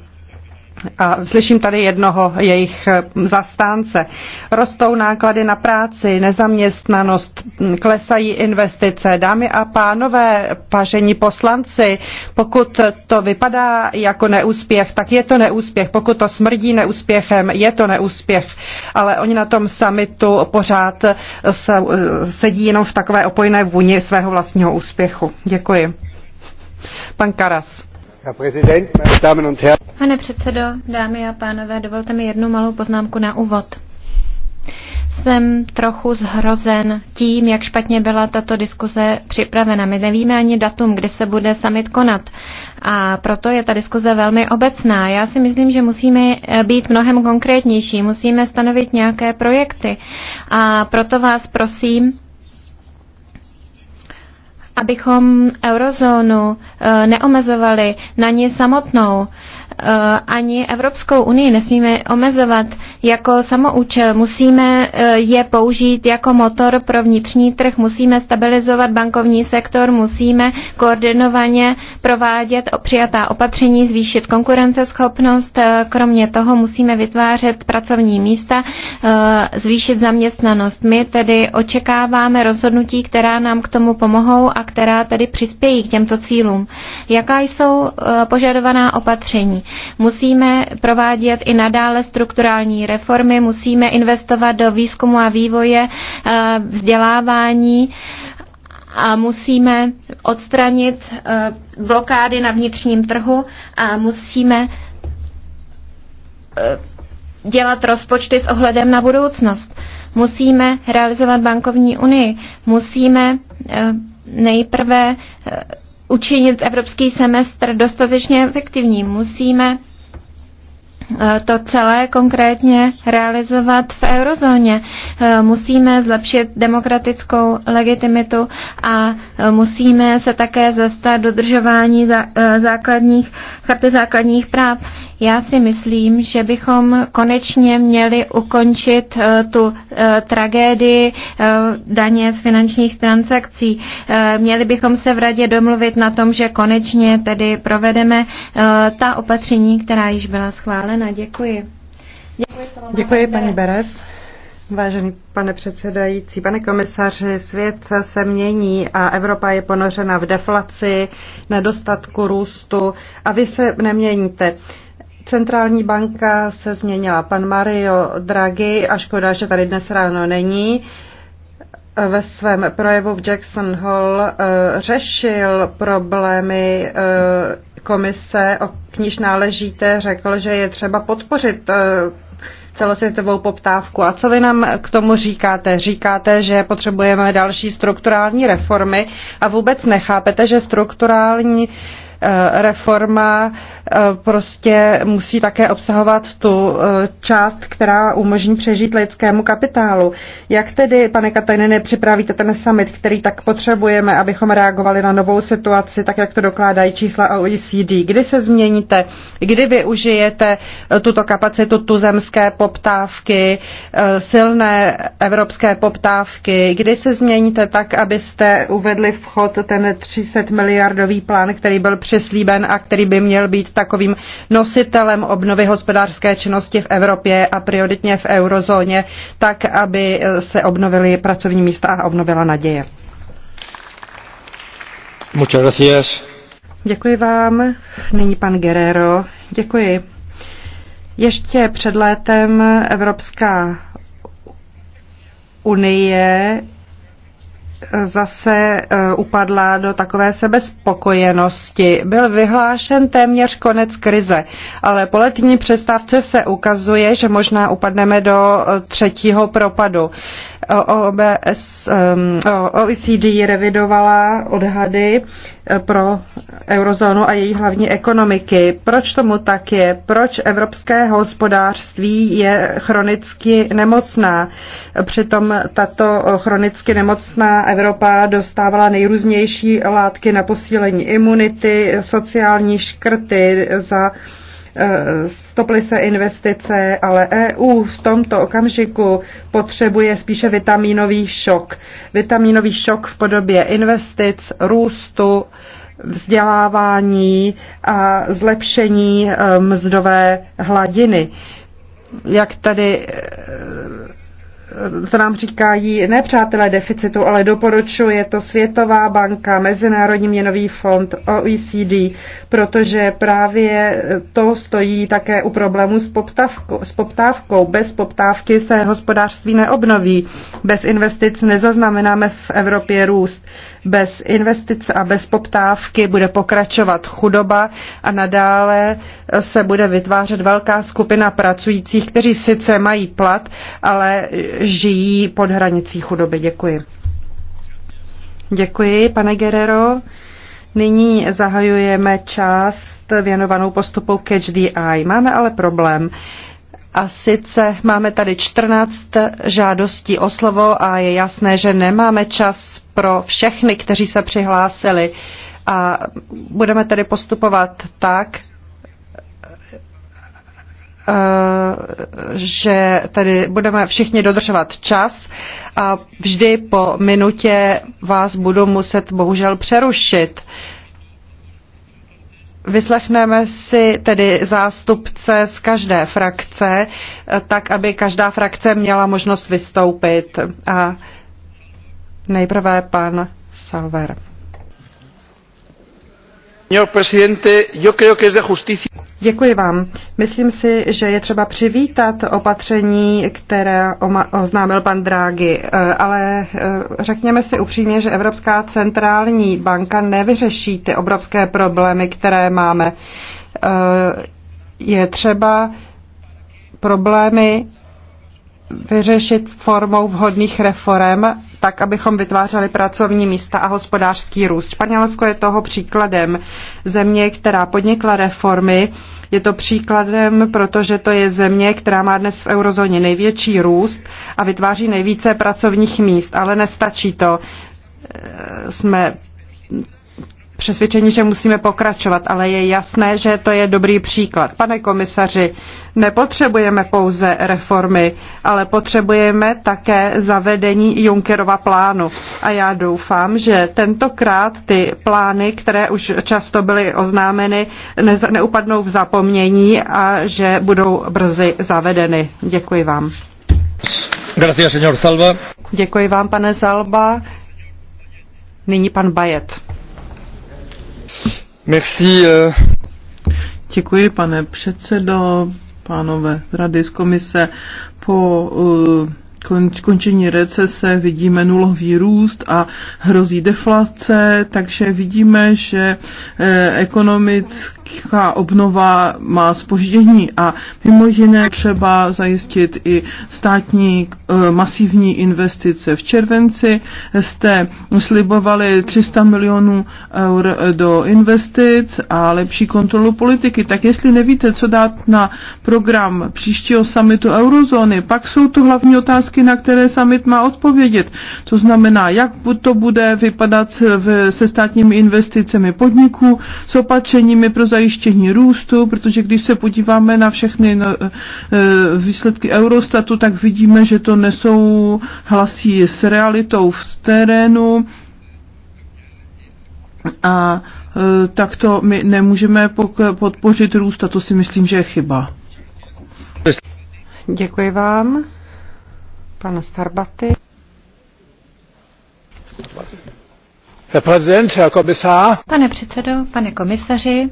A: a slyším tady jednoho jejich eh, zastánce. Rostou náklady na práci, nezaměstnanost, klesají investice. Dámy a pánové, vážení poslanci, pokud to vypadá jako neúspěch, tak je to neúspěch. Pokud to smrdí neúspěchem, je to neúspěch. Ale oni na tom samitu pořád se, eh, sedí jenom v takové opojné vůni svého vlastního úspěchu. Děkuji. Pan Karas.
C: Pane předsedo, dámy a pánové, dovolte mi jednu malou poznámku na úvod. Jsem trochu zhrozen tím, jak špatně byla tato diskuze připravena. My nevíme ani datum, kdy se bude summit konat. A proto je ta diskuze velmi obecná. Já si myslím, že musíme eh, být mnohem konkrétnější, musíme stanovit nějaké projekty. A proto vás prosím, abychom eurozónu eh, neomezovali na ní samotnou. Eh, ani Evropskou unii nesmíme omezovat jako samoučel. Musíme eh, je použít jako motor pro vnitřní trh, musíme stabilizovat bankovní sektor, musíme koordinovaně provádět přijatá opatření, zvýšit konkurenceschopnost. Eh, kromě toho musíme vytvářet pracovní místa, zvýšit zaměstnanost. My tedy očekáváme rozhodnutí, která nám k tomu pomohou a která tedy přispějí k těmto cílům. Jaká jsou požadovaná opatření? řešení. Musíme provádět i nadále strukturální reformy, musíme investovat do výzkumu a vývoje, eh, vzdělávání a musíme odstranit eh, blokády na vnitřním trhu a musíme eh, dělat rozpočty s ohledem na budoucnost. Musíme realizovat bankovní unii, musíme nejprve učinit evropský semestr dostatečně efektivní. Musíme eh, to celé konkrétně realizovat v eurozóně. Eh, musíme zlepšit demokratickou legitimitu a eh, musíme se také zastat dodržování základních, charty základních práv. Já si myslím, že bychom konečně měli ukončit eh, tu eh, tragédii eh, daně z finančních transakcí. Měli bychom se v radě domluvit na tom, že konečně tedy provedeme ta opatření, která již byla schválena. Děkuji. Děkuji, Děkuji paní Beres.
A: Vážený pane předsedající, pane komisaři, svět se mění a Evropa je ponořena v deflaci, nedostatku růstu a vy se neměníte. Centrální banka se změnila. Pan Mario Draghi, a škoda, že tady dnes ráno není, ve svém projevu v Jackson Hall eh, řešil problémy eh, komise, o níž náležíte, řekl, že je třeba podpořit eh, celosvětovou poptávku. A co vy nám k tomu říkáte? Říkáte, že potřebujeme další strukturální reformy a vůbec nechápete, že strukturální reforma Eh, prostě musí také obsahovat tu eh, část, která umožní přežít lidskému kapitálu. Jak tedy, pane Katajnene, připravíte ten summit, který tak potřebujeme, abychom reagovali na novou situaci, tak jak to dokládají čísla OECD? Kdy se změníte? Kdy využijete eh, tuto kapacitu tuzemské poptávky, silné evropské poptávky? Kdy se změníte tak, abyste uvedli v chod ten 300 miliardový plán, který byl přeslíben a který by měl být tak takovým nositelem obnovy hospodářské činnosti v Evropě a prioritně v eurozóně, tak aby se obnovily pracovní místa a obnovila naděje.
C: Muchas gracias.
A: Děkuji vám. Nyní pan Guerrero. Děkuji. Ještě před létem Evropská unie zase e, upadla do takové sebespokojenosti. Byl vyhlášen téměř konec krize, ale po letní přestávce se ukazuje, že možná upadneme do e, třetího propadu. OBS, OECD revidovala odhady eh, pro eurozónu a její hlavní ekonomiky. Proč tomu tak je? Proč evropské hospodářství je chronicky nemocná? Přitom tato chronicky nemocná Evropa dostávala nejrůznější látky na posílení imunity, sociální škrty za stoply se investice, ale EU v tomto okamžiku potřebuje spíše vitamínový šok. Vitamínový šok v podobě investic, růstu, vzdělávání a zlepšení eh, mzdové hladiny. Jak tady co eh, nám říkají ne přátelé deficitu, ale doporučuje to Světová banka, Mezinárodní měnový fond, OECD protože právě to stojí také u problému s poptávkou. S poptávkou. Bez poptávky se hospodářství neobnoví. Bez investic nezaznamenáme v Evropě růst. Bez investic a bez poptávky bude pokračovat chudoba a nadále se bude vytvářet velká skupina pracujících, kteří sice mají plat, ale žijí pod hranicí chudoby. Děkuji. Děkuji, pane Guerrero. Nyní zahajujeme část věnovanou postupu Catch the Eye. Máme ale problém. A sice máme tady 14 žádostí o slovo a je jasné, že nemáme čas pro všechny, kteří se přihlásili. A budeme tedy postupovat tak, Eh, že tady budeme všichni dodržovat čas a vždy po minutě vás budu muset bohužel přerušit. Vyslechneme si tedy zástupce z každé frakce, eh, tak aby každá frakce měla možnost vystoupit. A nejprve pan Salver. Děkuji vám. Myslím si, že je třeba přivítat opatření, které oznámil pan Drági, eh, ale eh, řekněme si upřímně, že Evropská centrální banka nevyřeší ty obrovské problémy, které máme. Eh, je třeba problémy vyřešit formou vhodných reform tak abychom vytvářeli pracovní místa a hospodářský růst. Španělsko je toho příkladem země, která podnikla reformy. Je to příkladem, protože to je země, která má dnes v eurozóně největší růst a vytváří nejvíce pracovních míst, ale nestačí to. E, jsme přesvědčeni, že musíme pokračovat, ale je jasné, že to je dobrý příklad. Pane komisaři, nepotřebujeme pouze reformy, ale potřebujeme také zavedení Junckerova plánu. A já doufám, že tentokrát ty plány, které už často byly oznámeny, ne- neupadnou v zapomnění a že budou brzy zavedeny. Děkuji vám.
B: Gracias, señor Salva.
A: Děkuji vám, pane Zalba.
B: Nyní pan Bajet. Merci. Eh. Děkuji, pane předsedo, pánové z rady z komise. Po uh, končení recese, vidíme nulový růst a hrozí deflace, takže vidíme, že eh, ekonomická obnova má spoždění a mimo jiné třeba zajistit i státní eh, masivní investice. V červenci jste slibovali 300 milionů eur eh, do investic a lepší kontrolu politiky. Tak jestli nevíte, co dát na program příštího samitu eurozóny, pak jsou to hlavní otázky otázky, na které summit má odpovědět. To znamená, jak to bude vypadat se státními investicemi podniků, s opatřeními pro zajištění růstu, protože když se podíváme na všechny e, výsledky Eurostatu, tak vidíme, že to nesou hlasí s realitou v terénu. A e, tak to my nemůžeme podpořit růst a to si myslím, že je chyba.
A: Děkuji vám. Pan Starbaty.
C: Pane předsedo, pane komisaři,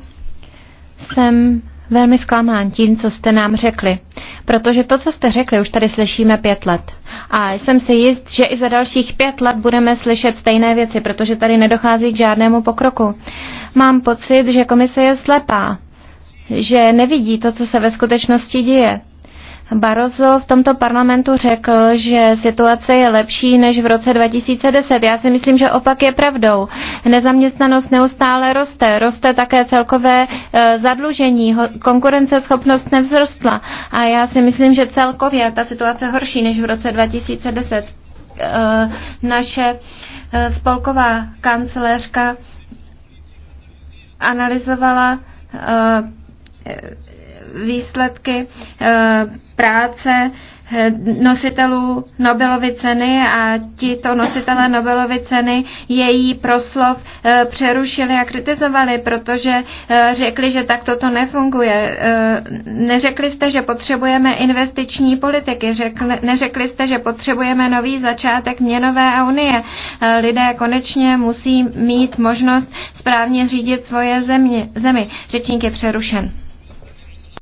C: jsem velmi zklamán tím, co jste nám řekli. Protože to, co jste řekli, už tady slyšíme pět let. A jsem si jist, že i za dalších pět let budeme slyšet stejné věci, protože tady nedochází k žádnému pokroku. Mám pocit, že komise je slepá, že nevidí to, co se ve skutečnosti děje. Barroso v tomto parlamentu řekl, že situace je lepší než v roce 2010. Já si myslím, že opak je pravdou. Nezaměstnanost neustále roste, roste také celkové e, zadlužení, konkurenceschopnost nevzrostla a já si myslím, že celkově ta situace horší než v roce 2010. E, naše e, spolková kancelářka analyzovala výsledky eh, práce eh, nositelů Nobelovy ceny a tito nositelé Nobelovy ceny její proslov eh, přerušili a kritizovali, protože řekli, že takto to nefunguje. Neřekli jste, že potřebujeme investiční politiky, řekli, neřekli jste, že potřebujeme nový začátek měnové unie. Lidé konečně musí mít možnost správně řídit svoje země, zemi. Řečník je přerušen.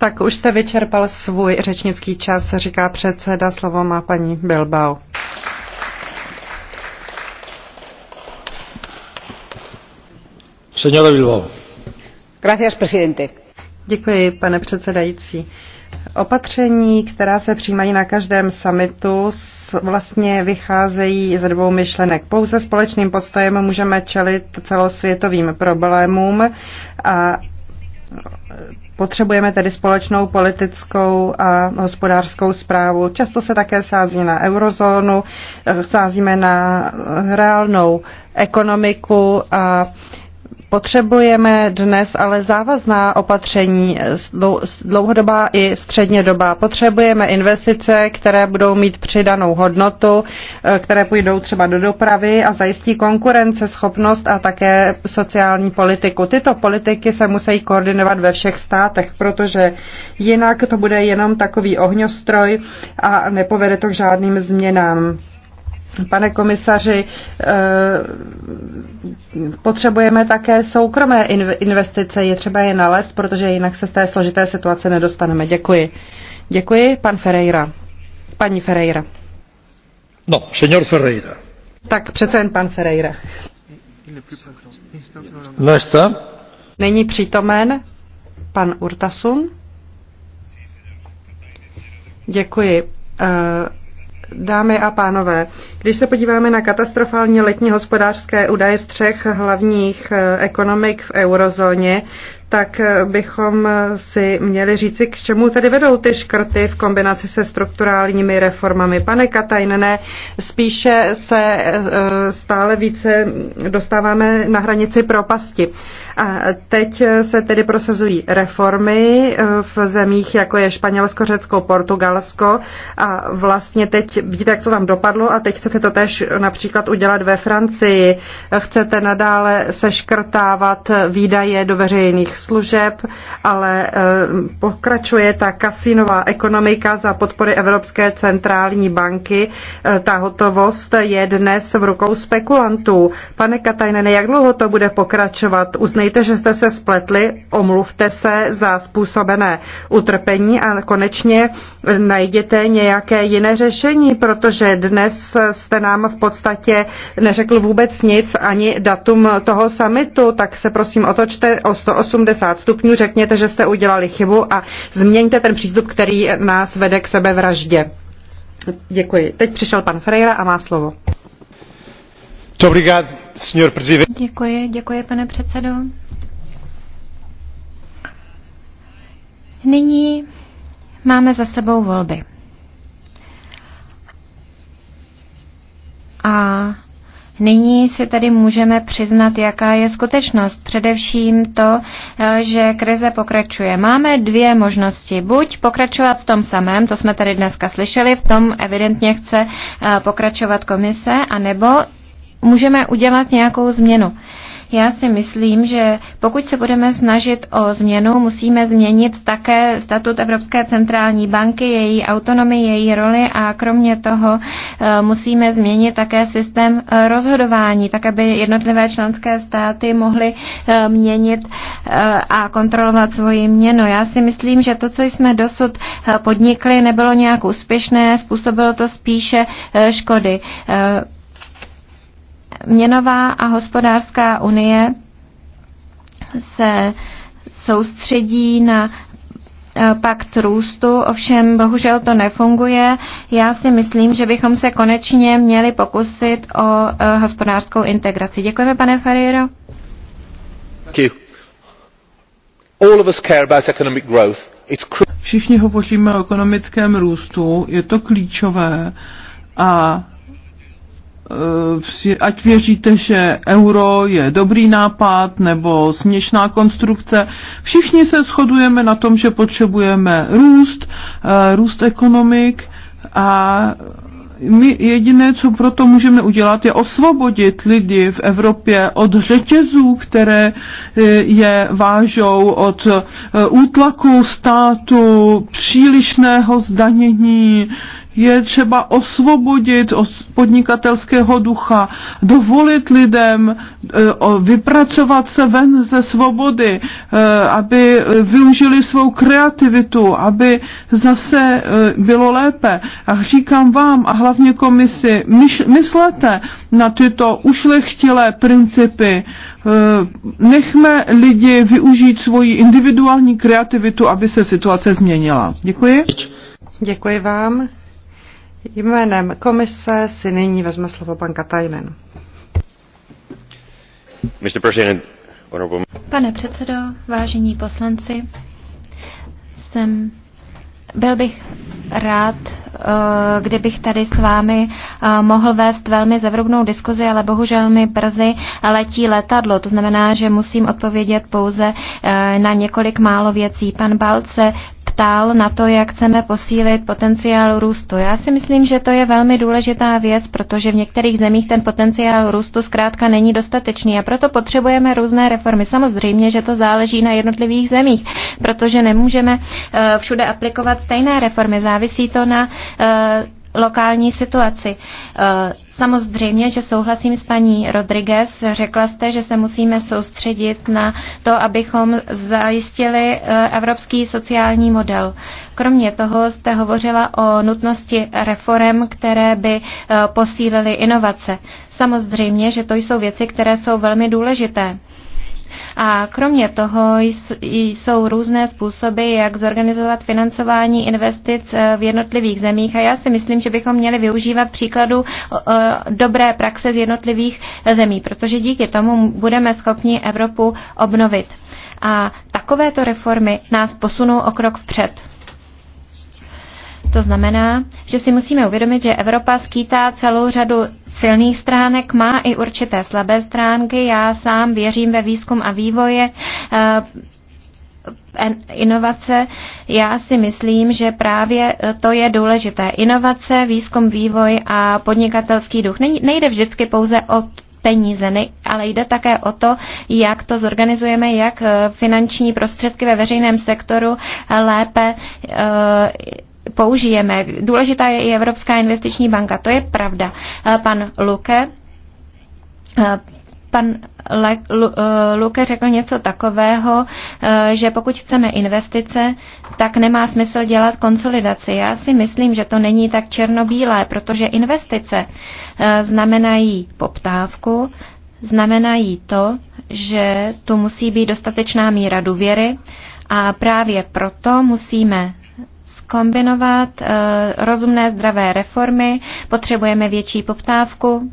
A: Tak už jste vyčerpal svůj řečnický čas, říká předseda, slovo má paní Bilbao.
B: Señora Bilbao.
A: Gracias, presidente. Děkuji, pane předsedající. Opatření, která se přijímají na každém summitu, vlastně vycházejí ze dvou myšlenek. Pouze společným postojem můžeme čelit celosvětovým problémům a Potřebujeme tedy společnou politickou a hospodářskou zprávu. Často se také sází na eurozónu, eh, sázíme na reálnou ekonomiku a Potřebujeme dnes ale závazná opatření, dlouhodobá i středně doba. Potřebujeme investice, které budou mít přidanou hodnotu, eh, které půjdou třeba do dopravy a zajistí konkurenceschopnost a také sociální politiku. Tyto politiky se musí koordinovat ve všech státech, protože jinak to bude jenom takový ohňostroj a nepovede to k žádným změnám. Pane komisaři, eh, potřebujeme také soukromé investice, je třeba je nalézt, protože jinak se z té složité situace nedostaneme. Děkuji. Děkuji, pan Ferreira. Paní Ferreira.
B: No, senor Ferreira.
A: Tak přece jen pan Ferreira. No Není přítomen pan Urtasun. Děkuji eh, Dámy a pánové, když se podíváme na katastrofální letní hospodářské údaje z třech hlavních eh, ekonomik v eurozóně, tak eh, bychom eh, si měli říci, k čemu tedy vedou ty škrty v kombinaci se strukturálními reformami. Pane Katajnené, spíše se eh, stále více dostáváme na hranici propasti. A teď se tedy prosazují reformy v zemích, jako je Španělsko, Řecko, Portugalsko a vlastně teď vidíte, jak to tam dopadlo a teď chcete to tež například udělat ve Francii. Chcete nadále seškrtávat výdaje do veřejných služeb, ale eh, pokračuje ta kasinová ekonomika za podpory Evropské centrální banky. Eh, ta hotovost je dnes v rukou spekulantů. Pane Katajnene, jak dlouho to bude pokračovat? Uznejte, že jste se spletli, omluvte se za způsobené utrpení a konečně najděte nějaké jiné řešení, protože dnes jste nám v podstatě neřekl vůbec nic, ani datum toho samitu, tak se prosím otočte o 180 180 stupňů, řekněte, že jste udělali chybu a změňte ten přístup, který nás vede k sebevraždě. Děkuji. Teď přišel pan Freira a má slovo.
C: Děkuji, děkuji, pane předsedo. Nyní máme za sebou volby. A Nyní si tedy můžeme přiznat, jaká je skutečnost. Především to, eh, že krize pokračuje. Máme dvě možnosti. Buď pokračovat v tom samém, to jsme tady dneska slyšeli, v tom evidentně chce eh, pokračovat komise, anebo můžeme udělat nějakou změnu. Já si myslím, že pokud se budeme snažit o změnu, musíme změnit také statut Evropské centrální banky, její autonomii, její roli a kromě toho eh, musíme změnit také systém eh, rozhodování, tak aby jednotlivé členské státy mohly eh, měnit a kontrolovat svoji měnu. Já si myslím, že to, co jsme dosud podnikli, nebylo nějak úspěšné, způsobilo to spíše škody měnová a hospodářská unie se soustředí na eh, pakt růstu, ovšem bohužel to nefunguje. Já si myslím, že bychom se konečně měli pokusit o eh, hospodářskou integraci. Děkujeme, pane Ferreiro.
B: Všichni hovoříme o ekonomickém růstu, je to klíčové a Eh, ať věříte, že euro je dobrý nápad nebo směšná konstrukce, všichni se shodujeme na tom, že potřebujeme růst, eh, růst ekonomik a my jediné, co proto můžeme udělat, je osvobodit lidi v Evropě od řetězů, které eh, je vážou, od útlaku státu, přílišného zdanění, je třeba osvobodit od podnikatelského ducha, dovolit lidem e, vypracovat se ven ze svobody, e, aby využili svou kreativitu, aby zase e, bylo lépe. A říkám vám a hlavně komisi, myslete na tyto ušlechtilé principy, nechme lidi využít svoji individuální kreativitu, aby se situace změnila. Děkuji. Děkuji vám.
A: Jménem komise si nyní vezme slovo pan Katajnen.
C: Pane předsedo, vážení poslanci, jsem, byl bych rád, eh, kdybych tady s vámi eh, mohl vést velmi zevrubnou diskuzi, ale bohužel mi brzy letí letadlo. To znamená, že musím odpovědět pouze eh, na několik málo věcí. Pan Balce ptal na to, jak chceme posílit potenciál růstu. Já si myslím, že to je velmi důležitá věc, protože v některých zemích ten potenciál růstu zkrátka není dostatečný a proto potřebujeme různé reformy. Samozřejmě, že to záleží na jednotlivých zemích, protože nemůžeme eh, všude aplikovat stejné reformy. Závisí to na eh, lokální situaci. Eh, samozřejmě, že souhlasím s paní Rodriguez. Řekla jste, že se musíme soustředit na to, abychom zajistili eh, evropský sociální model. Kromě toho jste hovořila o nutnosti reform, které by eh, posílily inovace. Samozřejmě, že to jsou věci, které jsou velmi důležité. A kromě toho jsou různé způsoby, jak zorganizovat financování investic eh, v jednotlivých zemích. A já si myslím, že bychom měli využívat příkladu dobré praxe z jednotlivých eh, zemí, protože díky tomu budeme schopni Evropu obnovit. A takovéto reformy nás posunou o krok vpřed. To znamená, že si musíme uvědomit, že Evropa skýtá celou řadu silných stránek, má i určité slabé stránky. Já sám věřím ve výzkum a vývoje eh, inovace. Já si myslím, že právě eh, to je důležité. Inovace, výzkum, vývoj a podnikatelský duch. Nejde vždycky pouze o peníze, ale jde také o to, jak to zorganizujeme, jak eh, finanční prostředky ve veřejném sektoru lépe použijeme. Důležitá je i Evropská investiční banka, to je pravda. Eh, pan Luke, eh, pan Le, Lu, eh, Luke řekl něco takového, že pokud chceme investice, tak nemá smysl dělat konsolidaci. Já si myslím, že to není tak černobílé, protože investice znamenají poptávku, znamenají to, že tu musí být dostatečná míra důvěry a právě proto musíme skombinovat eh, rozumné zdravé reformy, potřebujeme větší poptávku,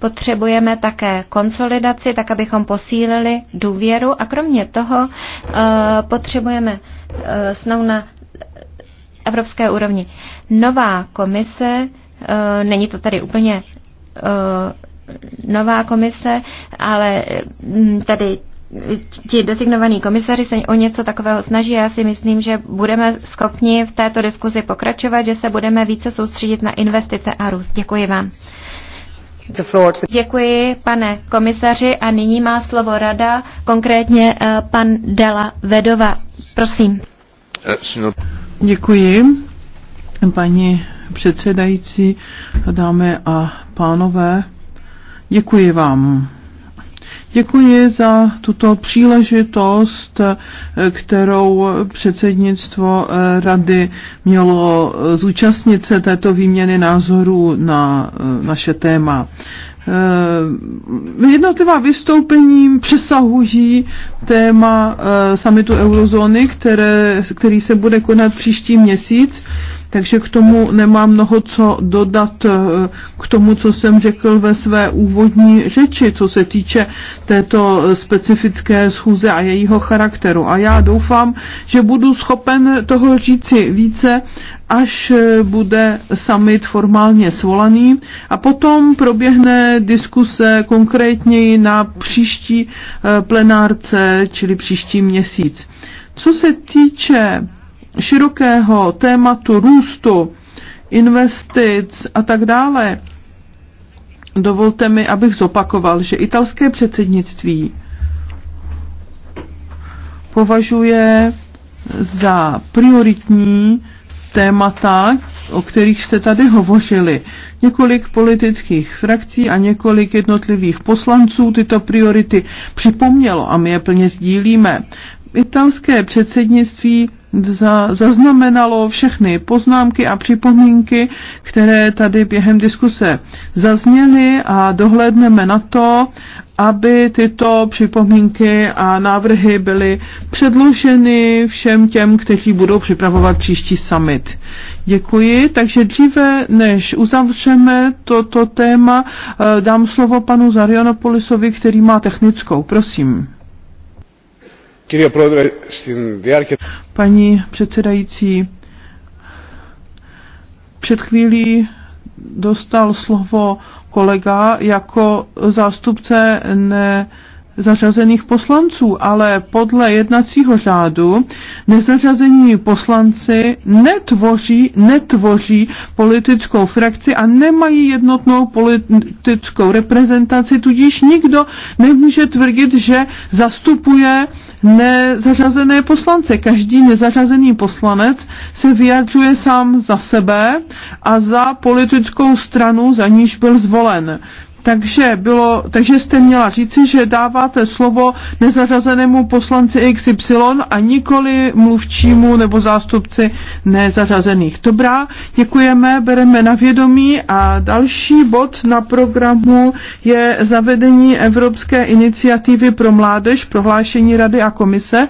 C: potřebujeme také konsolidaci, tak abychom posílili důvěru a kromě toho eh, potřebujeme eh, snou na evropské úrovni. Nová komise, není to tady úplně nová komise, ale mm, tady ti designovaní komisaři se o něco takového snaží. Já si myslím, že budeme schopni v této diskuzi pokračovat, že se budeme více soustředit na investice a růst. Děkuji vám. Děkuji, pane komisaři, a nyní má slovo rada, konkrétně eh, pan Dela Vedova. Prosím.
B: Děkuji, paní předsedající, dámy a pánové. Děkuji vám Děkuji za tuto příležitost, eh, kterou předsednictvo eh, rady mělo zúčastnit se této výměny názorů na eh, naše téma. Jednotlivá vystoupení přesahují téma samitu eurozóny, které, který se bude konat příští měsíc takže k tomu nemám mnoho co dodat eh, k tomu, co jsem řekl ve své úvodní řeči, co se týče této specifické schůze a jejího charakteru. A já doufám, že budu schopen toho říci více, až eh, bude summit formálně svolaný a potom proběhne diskuse konkrétněji na příští eh, plenárce, čili příští měsíc. Co se týče širokého tématu růstu, investic a tak dále, dovolte mi, abych zopakoval, že italské předsednictví považuje za prioritní témata, o kterých jste tady hovořili. Několik politických frakcí a několik jednotlivých poslanců tyto priority připomnělo a my je plně sdílíme italské předsednictví za, zaznamenalo všechny poznámky a připomínky, které tady během diskuse zazněly a dohlédneme na to, aby tyto připomínky a návrhy byly předloženy všem těm, kteří budou připravovat příští summit. Děkuji. Takže dříve, než uzavřeme toto téma, eh, dám slovo panu Zarianopolisovi, který má technickou. Prosím. Paní předsedající, před chvílí dostal slovo kolega jako zástupce ne, zařazených poslanců, ale podle jednacího řádu nezařazení poslanci netvoří, netvoří politickou frakci a nemají jednotnou politickou reprezentaci, tudíž nikdo nemůže tvrdit, že zastupuje nezařazené poslance. Každý nezařazený poslanec se vyjadřuje sám za sebe a za politickou stranu, za níž byl zvolen takže, bylo, takže jste měla říci, že dáváte slovo nezařazenému poslanci XY a nikoli mluvčímu nebo zástupci nezařazených. Dobrá, děkujeme, bereme na vědomí a další bod na programu je zavedení Evropské iniciativy pro mládež, prohlášení Rady a komise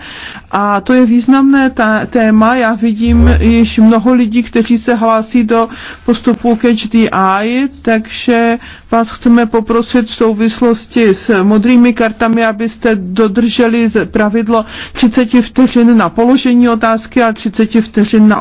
B: a to je významné ta, téma. Já vidím již mnoho lidí, kteří se hlásí do postupu Catch the Eye, takže vás chceme poprosit v souvislosti s modrými kartami, abyste dodrželi pravidlo 30 vteřin na položení otázky a 30 vteřin na